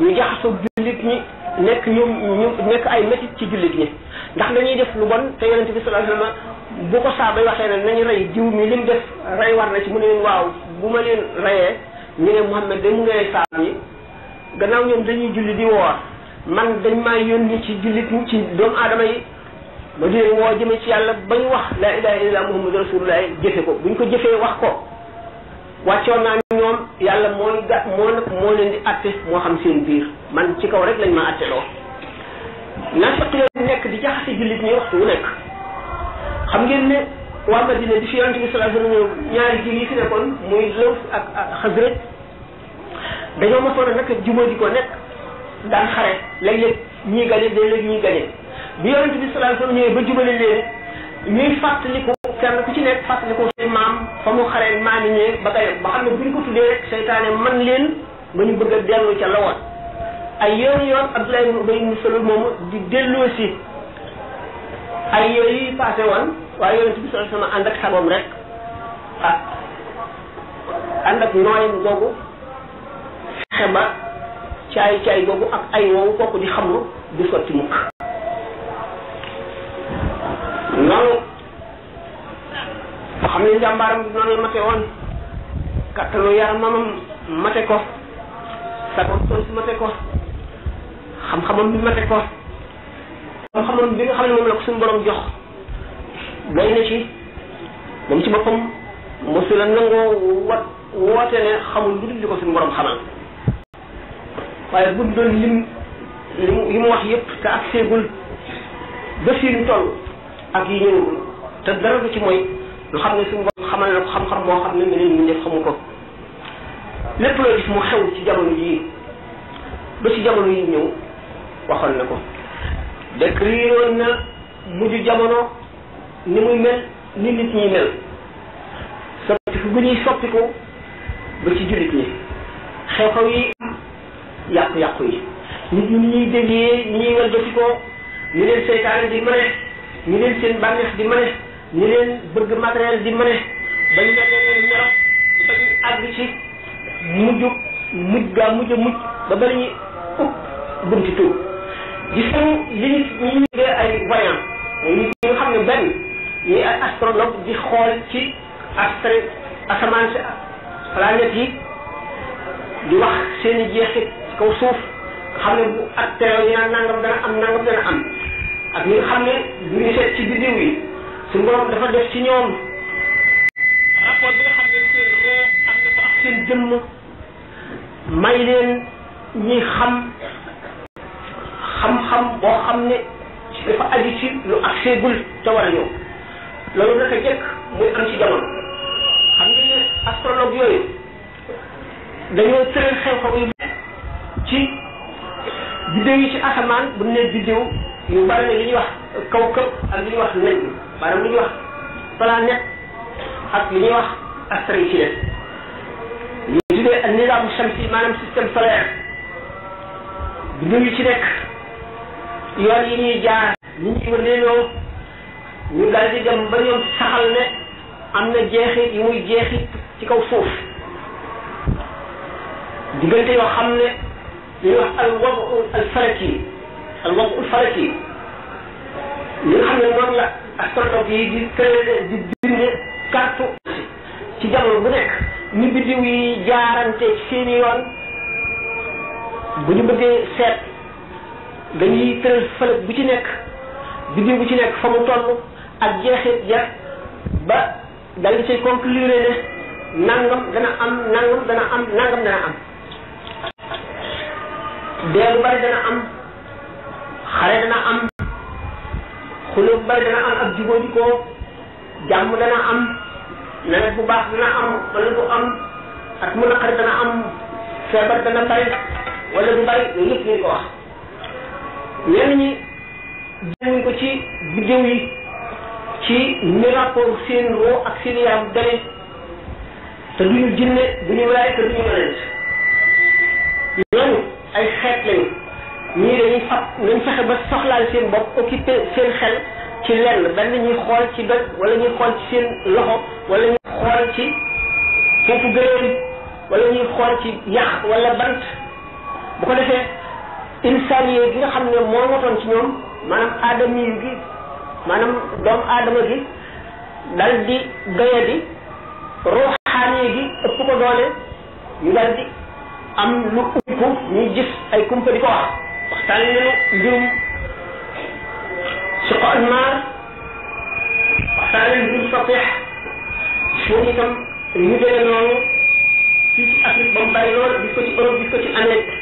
ñu jaxasoo jullit ñi nekk ñu ay métit ci jullit ñi ndax dañuy def lu bon te yonente bi sallallahu alayhi wasallam bu ko saabay waxee ne nañu rey diw mi lim def rey war na ci mu ne leen waaw bu ma leen reyee ñu ne Muhammad dañ mu ngi rey saab yi gannaaw ñoom dañuy julli di woor man dañ maa yónni ci jullit ñi ci doomu aadama yi ma di leen woo jëme ci yàlla bañ wax laa ilaha illa muhammadu rasulullah jëfe ko buñ ko jëfee wax ko wàccoon naa ñoom yàlla moo ñu moo nag moo leen di atte moo xam seen biir man ci kaw rek lañ ma atte loo nafiq yooyu nekk di jaxase jullit ñi waxtu wu nekk xam ngeen ne waa Madina di fi yonent bi sallallahu alayhi wasallam ñaari jig yi fi nekkoon muy Laws ak ak dañoo ma a nag jubóo di ko nekk daan xare léeg-léeg ñii gañe léeg bi yonent bi sallallahu ñëwee ba jubale leen ñuy fàttaliku kenn ku ci nekk fàttaliku ci maam fa mu xaree maam ñëwee ba gañe ba xam ne buñ ko tuddee rek seytaane man leen ba ñu bëgg a dellu ca la woon ay yoon yoon Abdullah ibn Ubay ibn Salul moomu di delloo si ay yooyu yi passé woon waaye yonent bi sallallahu ànd ak sagoom rek ànd ak nooyam googu fexe ba caay caay googu ak ay woowu kooku di xamlu du sotti mukk noonu xam ne njàmbaaram noonu la mate woon kattanu yaramam mate ko sagoon soosu mate ko xam-xamam bi mate ko xam-xamam bi xam ne moom la ko suñu borom jox doy na ci moom ci boppam mosu la nangoo wat woote ne xamul lu dul li ko borom xamal waaye buñ doon lim li mu wax yépp te ak seegul ba seen toll ak yi ñëwul te dara du ci mooy lu xam ne suñu bopp xamal na ko xam-xam boo xam ne xamu ko lépp loo gis mu xew ci jamono yii ba ci jamono yi ñëw waxoon na ko décriroon na mujj jamono ni muy mel ni nit ñi mel soppiku bu ñuy soppiku ba ci jullit ñi xew xew yi yàqu-yàqu yi nit ñi ñuy dévier ñi ñuy wëlbatikoo ñu leen seytaane di mëne ñu leen seen bànneex di mëne ñu leen bëgg matériel di mëne bañ leen ñorop bañ àgg ci mujj mujj gaa mujj mujj ba bari ñu upp bunti tuub gis nañu li ñu ñu ay voyant ñu xam ne benn ñuy ay astrologue di xool ci astre asamaan si planètes yi di wax seen i jeexit kaw suuf xam ne bu ak teew ñu nangam dana am nangam dana am ak ñi xam ne bu ñu seet ci biddiw yi suñu dafa def ci ñoom rapport bi nga xam may leen ñi xam xam-xam boo xam ne dafa aju ci lu ak seegul te war a ñëw loolu naka jëkk muy am ci jamono xam nga ne astrologue yooyu dañoo tëral xew-xew ci biddéew yi ci asamaan bu ne biddéew yu bari na li ñuy wax kawkab ak li ñu wax naj maanaam li ñuy wax planète ak li ñuy wax astre ci ñu tuddee ak nizaamu samsi maanaam système solaire biddéew yi ci nekk yoon yi ñuy jaar ñu ñuy wëndeenoo ñu daal di dem ba ñoom saxal ne am na jeexi yu muy jeexi ci kaw suuf diggante yoo xam ne li ñuy wax al wadu al faraki al wadu al faraki li nga xam ne la astronome yi di créé di binde carte ci jamono bu nekk ni biddiw yi jaarante ci seeni yoon bu ñu bëggee seet dañuy tëral fëlëg bu ci nekk biddiw bu ci nekk fa mu toll ak jeexit ja ba dal di conclure ne nangam dana am nangam dana am am dee lu bari dana am xare dana am xuloo bu bari dana am ak jubóo jikoo jàmm dana am nawet bu baax dana am wala du am at mu naqari dana am feebar dana bari wala du bari yooyu yëpp ko wax ñenn ñi ko ci biddew yi ci ni rapport seen roo ak seen yaram demee te duñu jinne duñu walaay te duñu yonent ay xeet lañu ñii dañuy fab nañ fexe ba soxlaal seen bopp occupé seen xel ci lenn benn ñuy xool ci doj wala ñuy xool ci seen loxo wala ñuy xool ci foofu gëréen wala ñuy xool ci yax wala bant bu ko defee insaan yi gi nga xam ne moo watoon ci ñoom maanaam aadama yi gi maanaam doomu aadama gi dal di doye di ruuxaani gi ëpp ko doole ñu dal am lu ump ñu gis ay kumpa di ko wax waxtaan nañu mbirum siqa almaar waxtaan nañu mbirum satix moom itam ñu demee noonu fii ci Afrique ba lool gis ko ci Europe gis ko ci Amérique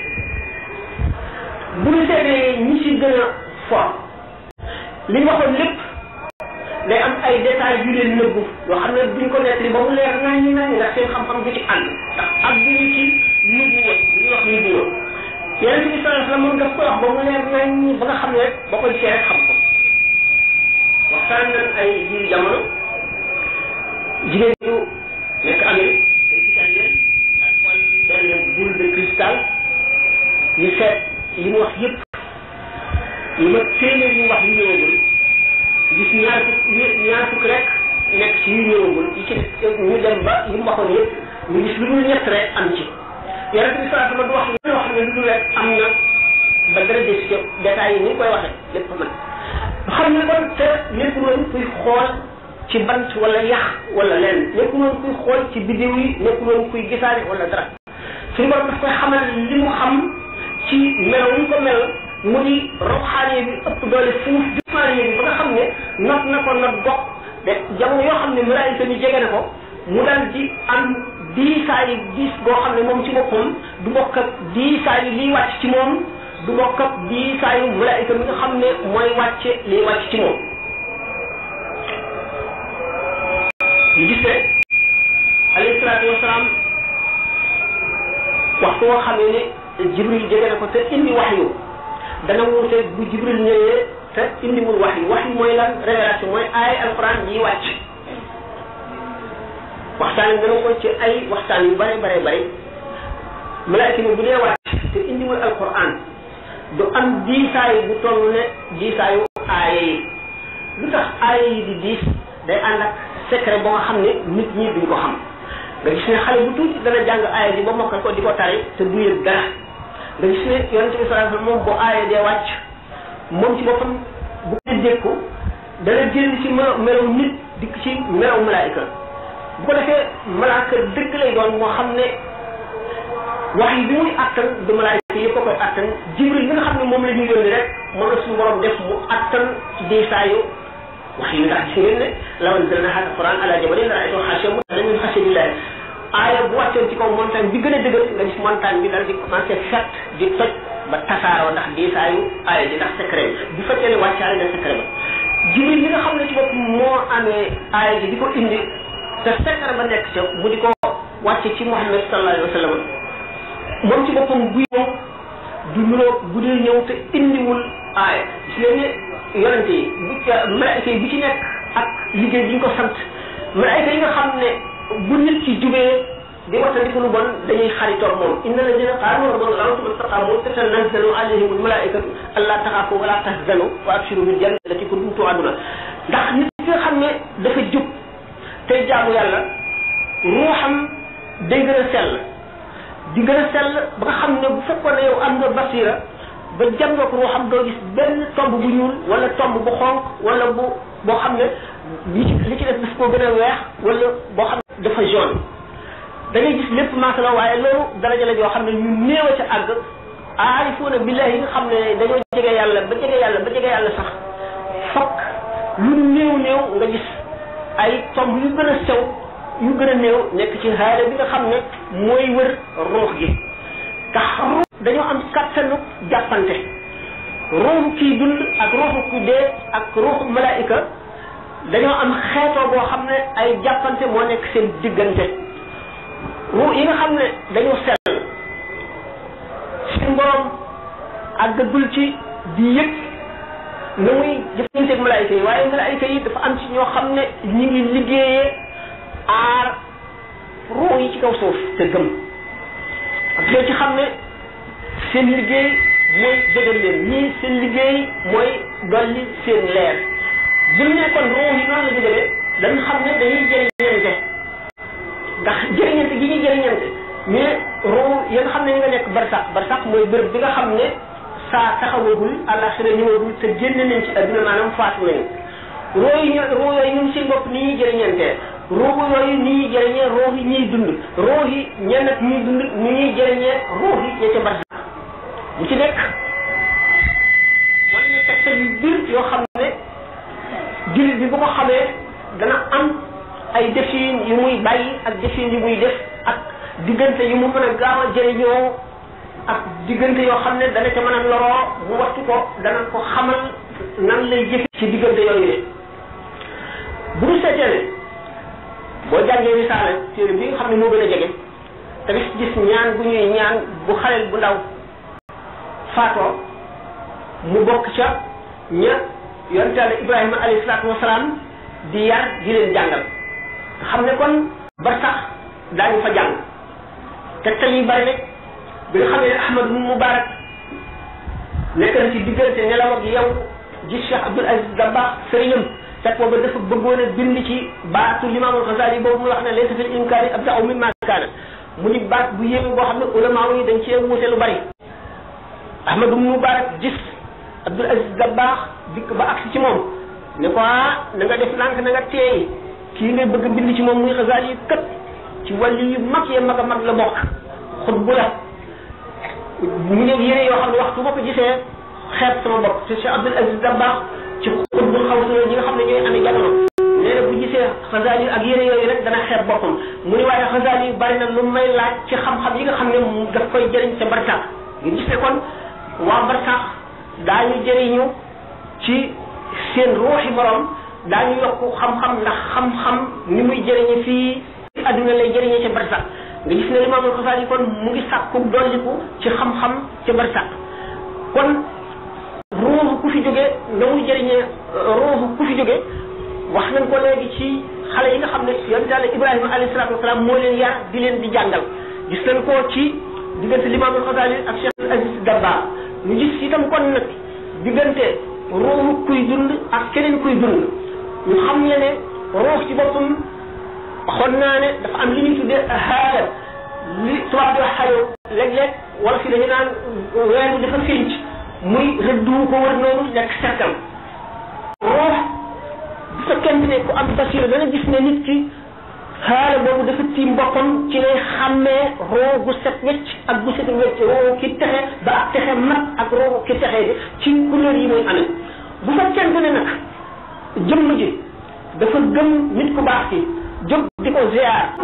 bu ñu seetee ñi ci gën a fort li ñu waxoon lépp day am ay détails yu leen nëbbu yoo xam ne duñ ko nettali ba mu leer nañ nañ ndax seen xam-xam du ci ànd ndax ak duñu ci nubuwa li ñuy wax nubuwa yeneen bi sallallahu alayhi wasallam moom daf ko wax ba mu leer nañ ba nga xam ne rek boo ko gisee rek xam ko waxtaan nañ ay jiwu jamono jigéen ñu nekk Amérique ay italienne cristal ñu seet li mu wax yëpp li ma téeméer yi mu wax yu ñëwagul gis ñaar rek nekk ci yu ñëwagul yi ci ñu dem ba yëpp rek am ci yonent bi salaatu ba du wax lu wax ne lu dul am na ba dara gis ci détails yi ni ñu koy waxee lépp mën xam ne kon te lépp xool ci bant wala yax wala lenn lépp noonu kuy xool ci biddiw yi lépp noonu kuy gisaane wala dara suñu borom daf koy li mu xam ci melo yu ko mel mu di roxaane bi ëpp doole fuuf jumaane bi ba xam ne not na ko not bokk yoo xam ne miraayita ni jege na ko mu daal di am diisaayu diis goo xam ne moom ci boppam du bokk ak diisaayu liy wàcc ci moom du bokk ak diisaayu malaayika mi nga xam ne mooy wàcce liy wàcc ci moom ñu gis ne alayhi salaatu wasalaam waxtu woo xam ne ne jibril jege na ko te indi waxyu dana wuute bu jibril ñëwee te indiwul waxyu waxyu mooy lan révélation mooy aay alquran yi wàcc waxtaane dana ko ci ay waxtaan yu bare bare bare malaayka bu dee wàcc te indiwul alquran du am diisaayu bu toll ne diisaayu aaya yi lu tax aaya yi di diis day ànd ak secret ba nga xam ne nit ñi duñ ko xam nga gis ne xale bu tuuti dana jàng aaya bi ba mokkal ko di ko tari te du yëg dara nga gis ne yonente bi sallallahu alayhi moom bu aaya dee wàcc moom ci boppam bu ko dana génn ci melaw nit dikk ci melaw malaayka bu ko defee malaaka dëgg lay doon moo xam ne wax yi bi muy attan du malaaka yëpp a koy attan jibril bi nga xam ne moom la la suñu borom def mu attan ci diisaayu wax la-ra'aytahu xaashi'an mutadammiran min xashyatillaah aaya bu wàccoon ci kaw montagne bi a dëgër nga gis montagne bi dal di commencé fett di toj ba tasaaroo ndax diisaayu aaya ji ndax secret bi bu fekkee ne wàccaale na secret ba jibril bi moo amee aaya ji di ko indi te secret ba nekk ca mu di ko wàcce ci Muhammad sallallahu alayhi wa sallam moom ci boppam buy moom du ñuroog bu dee ñëw te indiwul aaya gis ngeen ne yonente yi bu malaayika yi bu ci nekk ak liggéey bi ñu ko sant malaayika yi nga xam ne bu nit ci jubee di wattandiku lu bon dañuy xaritoog moom inna alladina a rabbuna allahu thumma istaqaamu tatanazzalu alayhim almalaikatu alla taxaafu wala tahzanu wa abshiru bil jannati allati kuntum tuaduna ndax nit ki nga xam ne dafa jub tey jaamu yàlla ruuxam day gën a sell di gën a sell ba nga xam ne bu fekkoon ne yow am nga basira ba jàngoog ruuxam doo gis benn tomb bu ñuul wala tomb bu xonq wala bu boo xam ne li ci li ci def daf koo gën a weex wala boo xam ne dafa jaune da ngay gis lépp maasala waaye loolu daraja la joo xam ne ñu néew ca àgg aarifuuna billahi nga xam ne dañoo jege yàlla ba jege yàlla ba jege yàlla sax fokk lu néew néew nga gis ay tomb yu gën a sew yu gën a néew nekk ci xaala bi nga xam ne mooy wër ruux gi ndax ruux dañoo am kattanu jàppante ruuxu kii dund ak ruuxu ku dee ak ruuxu malaayika dañoo am xeetoo boo xam ne ay jàppante moo nekk seen diggante ruux yi nga xam ne dañoo sell seen borom àggagul ci di yëg ni muy jëfanteeg malaayika yi waaye malaayika yi dafa am ci ñoo xam ne ñu ngi liggéeyee aar ruu yi ci kaw suuf te gëm ak ci xam ne seen liggéey mooy dëgal leen ñii seen liggéey mooy dolli seen leer bu ñu ne kon ruu yi noonu la ñu xam ne dañuy jëriñante ndax jëriñante gi ñuy jëriñante ñu ne ruu xam ne ñu nga nekk barsax barsax mooy bërëb bi nga xam ne saa taxawagul àllaaxira ñëwagul te génn nañ ci adduna maanaam faatu nañu roo yi ñu roo yooyu ñun seen bopp ni ni ñuy jëriñee roox yi ñuy dund roox yi ñenn ak ñuy dund ni ñuy jëriñee roox yi ña ca barsa bu ci nekk wala ñu tegte yu bir yoo xam ne jullit bi bu ko xamee dana am ay defin yu muy bàyyi ak defin yu muy def ak diggante yu mu mën a gaaw a jëriñoo ak diggante yoo xam ne dana ca mën a loroo mu wattu ko dana ko xamal nan lay jëfe ci diggante yooyu ne bu ñu seetee ne boo jàngee risaala téere bi nga xam ne moo gën a jege tamit gis ñaan bu ñuy ñaan bu xaleel bu ndaw faatoo mu bokk ca ña yonte Yàlla Ibrahima alayhi salaatu wasalaam di yar di leen jàngal xam ne kon ba sax daañu fa jàng te tey bari rek bi nga xamee ne Ahmad mu Mubarak nekk na ci diggante nelaw ak yow gis Cheikh Abdoul Aziz Dabakh sëriñam fekk booba dafa bëggoon a bind ci baatu limaamul Xasaali boobu muy wax ne laysa fil imkaani abdaa mimmaa kaana mu ni baat bu yéeme boo xam ne ulama yi dañ cee wuute lu bari. Ahmad mu Mubarak gis Abdoul Aziz Dabakh dikk ba agsi ci moom ne ko ah na nga def nànk na nga teey kii ngay bëgg bind ci moom muy Xasaali kat ci wàllu yu mag yee mag a mag la bokk xutbu la. mu ngi yére yoo xam ne waxtu boo ko gisee xeet sama bopp te Cheikh Abdoul Aziz Dabakh ci xutbul xawsa ñi nga xam ne ñooy amee jamono nee na bu gisee xasaali ak yére yoo rek dana xeet boppam mu ni waaye xasaali yu bari na ci xam-xam yi nga xam ne mu daf koy jëriñ ca barsax nga gis ne kon waa barsax daañu jëriñu ci seen ruuxi borom daañu yokku xam-xam ndax xam-xam ni muy jëriñe fii adduna lay jëriñe ca barsax nga gis ne imaamul Xasaali kon mu ngi sàkku dolliku ci xam-xam ca bar sàkk kon ruuxu ku fi jógee na muy jëriñee ruuxu ku fi jógee wax nañ ko léegi ci xale yi nga xam ne yonent Yàlla Ibrahima alayhi salaatu wasalaam moo leen yar di leen di jàngal gis nañ ko ci diggante limaamul Xasaali ak Cheikh Aziz Dabba ñu gis itam kon nag diggante ruuxu kuy dund ak keneen kuy dund ñu xam ne ne ruux ci boppam waxoon naa ne dafa am li ñuy tuddee haala li tubaab di wax xayo léeg-léeg wala si dañu naan weer bi dafa fénc muy rëdd wu ko wër noonu nekk cercle roox bu fekkente ne ku am basir dana gis ne nit ki xaala boobu dafa tiim boppam ci lay xàmmee roo gu set wecc ak gu set wecc roo ki texe ba ak texe mat ak roo ki texe di ci couleur yi muy amee bu fekkente ne nag jëmm ji dafa gëm nit ku baax ki jóg di ko ziar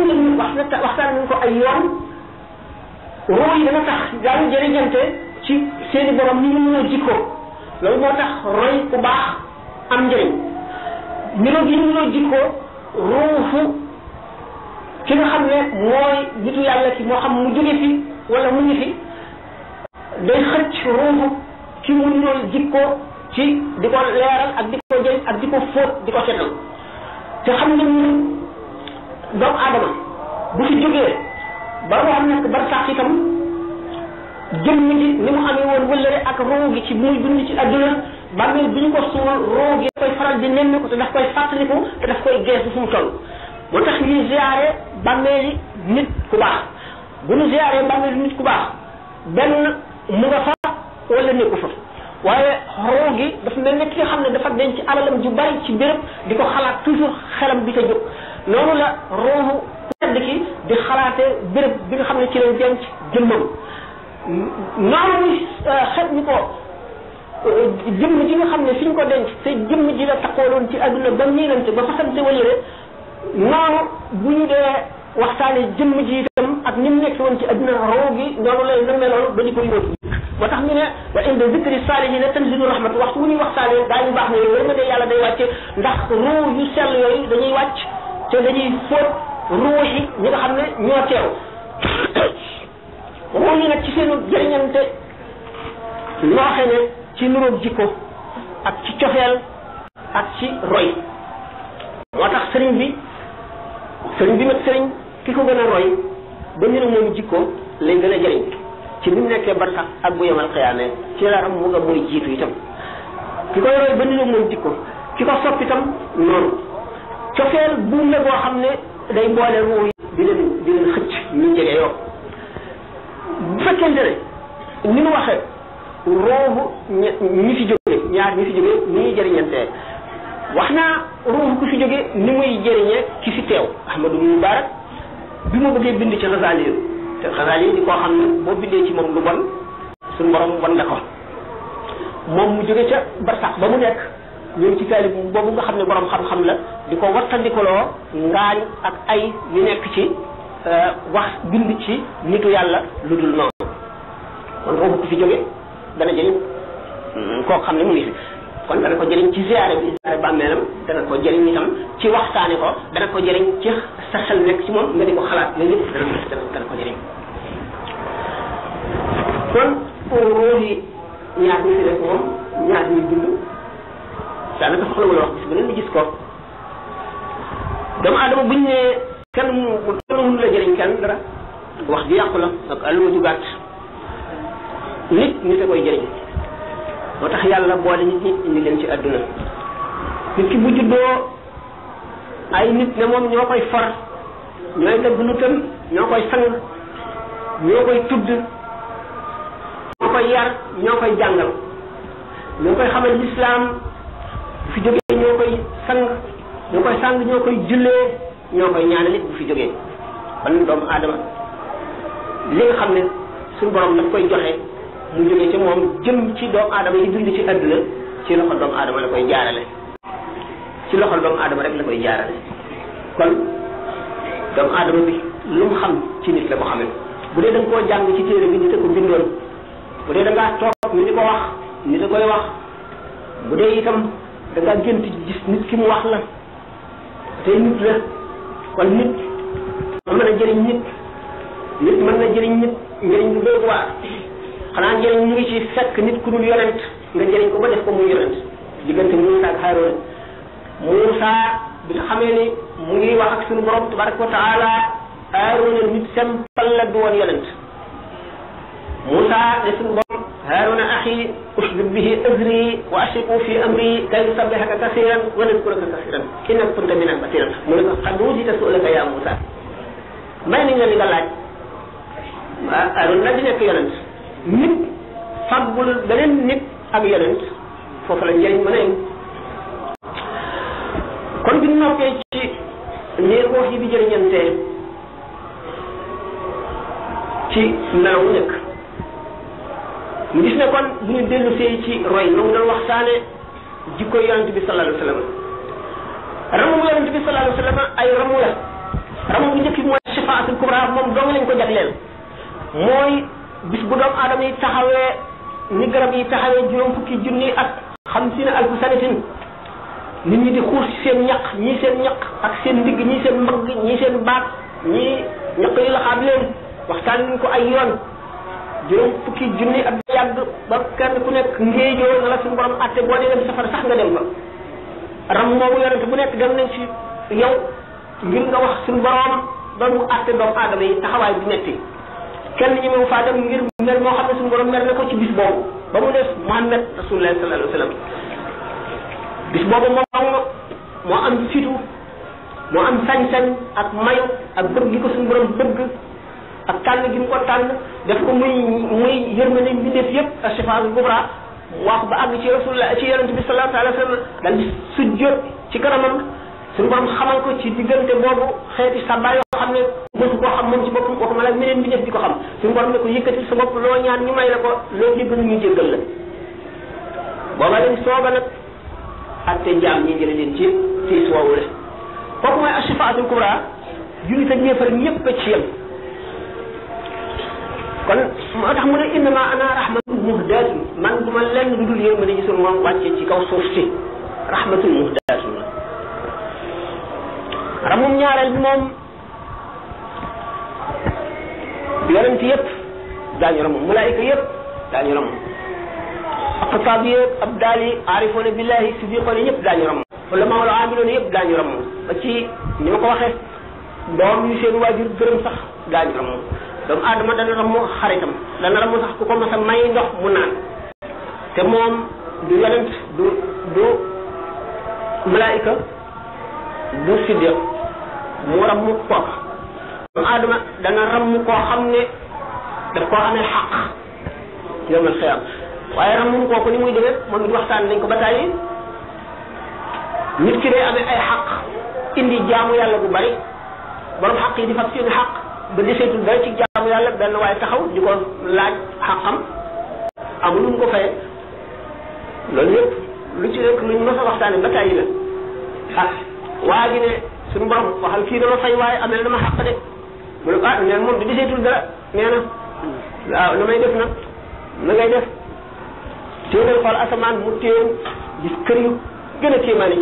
waxtaan nañ ko ay yoon roo yi dana tax daañu jërëjënte ci seeni borom ni ñu mën a jikko moo tax roy ku baax am njëriñ niroog yi ñu mën a jikko ruufu ki nga xam ne mooy nitu yàlla ki moo xam mu jóge fi wala mu ngi fi day xëcc ruufu ki mu nirool jikko ci di ko leeral ak di ko jëriñ ak di ko fóot di ko setal te xam nga doomu aadama bu ci jógee ba roxam nekk bar sax itam jëmm ji ni mu amee woon wëllëre ak roo gi ci muy dund ci adduna bàmmeel bi ñu ko suul roo gi koy faral di nemme ko te daf koy fàttaliku te daf koy geesu fu mu toll moo tax ñuy ziare bàmmeeli nit ku baax bu ñu ziare benn mu nga fa wala nekku fa waaye roo gi dafa mel ne ki nga xam ne dafa denc alalam ju bari ci béréb di ko xalaat toujours xelam bi ko jóg noonu la ruuxu tedd ki di xalaate béréb bi xam ne ci lañ denc jëmmam noonu muy euh, xet ñu ko euh, jëmm ji nga xam ne fi ko denc te jëmm ji la taqooloon ci adduna ba miinante ba fasante walëre noonu bu ñu dee waxtaane jëmm ji tam ak ni mu nekk woon ci adduna roo gi noonu lay na meloon ba di koy yóbbu ba tax ñu ne wa inda zikri saalihiina tanzilu rahmat waxtu wu ñuy waxtaane daañu baax ne yooyu yërmande yàlla day wàcce ndax roo yu sell yooyu dañuy wàcc ca la fóot ruux yi nga xam ne ñoo teew ruux yi nag ci seenu jëriñante loo xëy ci nuróog jikko ak ci cofeel ak ci roy moo tax sëriñ bi sëriñ bi nag sëriñ ki ko gën a roy ba ñu ne moom jikko lay gën a jëriñ ci bi nekkee barsax ak bu yemal xiyaane ci yaram mu nga mooy jiitu itam ki koy roy ba ñu ne moom jikko ki ko soppi itam noonu cofeel buum la boo xam ne day boole ruu yi di leen xëcc ñu jege yoo bu fekkente ne ni mu waxee roobu ñi fi jóge ñaar ñi fi jóge ni ñuy jëriñantee wax naa roobu ku fi jóge ni muy jëriñee ki fi teew Ahmadu Mubarak bi ma bëggee bind ci Xasaali yi te Xasaali yi koo xam ne boo bindee ci moom lu bon suñu borom bon la ko moom mu jóge ca barsax ba mu nekk ñëw ci taalib boobu nga xam ne borom xam-xam la di ko wattandikuloo ngaañ ak ay yu nekk ci euh, wax bind ci nitu yàlla lu dul noonu kon roobu ku fi jóge dana jëriñ mm, koo xam ne mu ngi fi kon dana ko jëriñ ci ziare bi ziare ci waxtaane ko dana ko jëriñ ci sa xel nekk ci moom nga di ko xalaat loolu yëpp dana ko jëriñ kon ruux yi ñaar ñi moom ñaar ñuy dund daanaka soxlawul wax gis beneen bi gis ko doomu aadama buñ ne kenn mu kenn mënu la jëriñ kenn dara wax ji yàqu la ak àlluma ju gàtt nit nit a koy jëriñ moo tax yàlla boole nit ñi ci àdduna nit nit ne moom ñoo koy for ñooy dagg lu ñoo koy sang ñoo koy tudd ñoo koy yar ñoo koy jàngal ñoo koy xamal lislaam fi jógee ñoo koy sang ñoo koy sang ñoo koy jullee ñoo koy ñaanal it bu fi jógee ban doomu aadama li nga xam ne suñu borom daf koy joxe mu jógee ci moom jëm ci doomu aadama yi dund ci àdduna ci loxo doomu aadama la koy jaarale ci loxo doomu aadama rek la koy jaarale kon doomu aadama bi lu mu xam ci nit la ko xamee bu dee da nga koo jàng ci téere bi nit a ko bindoon bu dee da ngaa toog ñu di ko wax nit a koy wax bu dee itam da ngaa gént gis nit ki mu wax la nit la kon nit ma mën a jëriñ nit nit mën na jëriñ nit njëriñ bu doy waar xanaa njëriñ mu ngi ci fekk nit ku dul yonent nga jëriñ ko ba def ko mu yonent diggante Muusaa ak Haaroon Muusaa bi nga xamee ni mu ngi wax ak suñu borom tabaraka wa taala Haaroon nit simple la du woon Moussa ne suñu borom Haaruna axi ushdud bihi azri wa ashriku fi amri kay nusabbihaka kasiran wa nadkuraka kasiran innaka kunta minal basiran mu ne ko qad wujita su'laka yaa Moussa may nañ la li nga laaj ah Haaruna nag di nekk yonent nit faggul beneen nit ak yonent foofu la njëriñ mën a yem kon bi ñu noppee ci niir wax yi di jëriñante ci naaw nekk. mu gis ne kon bu ñu dellu see ci roy lu mu waxtaane jikko yonent bi sallallahu ay ramu la ramu bu njëkk bi mooy lañ ko jagleel mooy bu doomu yi taxawee garab yi taxawee juróom fukki junni at xamsiina alfu sanatin nit ñi di xuus ci seen ñaq ñii la xam leen waxtaan nañ ko ay yoon juróom fukki junni ak yàgg ba kenn ku nekk ngéejoo na la suñu borom atte boo dee dem safara sax nga dem ba ram moomu yonent bu nekk dem nañ ci yow ngir nga wax suñu borom ba mu atte doomu aadama yi taxawaay bu metti kenn ñi mu faa dem ngir mer moo xam ne suñu borom mer na ko ci bis boobu ba mu def Muhammad rasulullah sallallahu alayhi wa sallam bis boobu moom moo am fitu moo am sañ-sañ ak mayu ak bëgg gi ko suñu borom bëgg ak tànn gi mu ko tànn def ko muy muy yërmande mbindeef yëpp asifaal kubra wax ba àgg ci rasulullah ci yonente bi sallallahu alayhi wa sallam dal di sujjóot ci kanamam suñu borom xamal ko ci diggante boobu xeeti sàbba yoo xam ne mosu koo xam moom ci boppam waxuma la meneen mbindeef di ko xam suñu borom ne ko yëkkatil sa loo ñaan ñu may la ko loo jéggal ñu jéggal la booba lañ sooga nag atte jaam ñi jële leen ci tiis mooy asifaatul kubra jullit ak yéefar ñëpp a ci yem kon moo tax mu ne innama ana rahmatul muhdaatu man du ma lenn lu dul yërmande ji sunu moom wàcce ci kaw suuf si rahmatul muhdaatu la ramum ñaareel bi moom yonent yëpp daañu ramum malaayika yëpp daañu ramum aqtaab yëpp abdaal yi aarifoona billahi sidiqoona yëpp daañu ramum ulamaawul aamiloona yëpp daañu ramum ba ci ni ma ko waxee doom yu seen waajur gërëm sax daañu ramum dom adama ah, dana ramu xaritam dana ramu sax ku ko mas a may ndox mu naan te mom du yonent du du malaika du siddiq mu ramu ko dom adama ah, dana ramu koo xam ne daf koo amee xaq yowmal waye ramu ko ko ni muy demee moom it waxtan nañ ko ba nit ki day amee ay haq indi jaamu yalla bu bari borom haqi di fa seeni haq ba deseetul dara ci jaamu yàlla benn waaye taxaw di ko laaj xàqam amul ñu ko faye loolu yëpp lu ci rek luñ mës a waxtaane ba tàyyi la ah, waa gi ne suñu borom waxal kii dama fay waaye amel dama xàq de mu ne ah nee na waaw na may def nag na ngay asamaan mu téen gis gën a kéemaani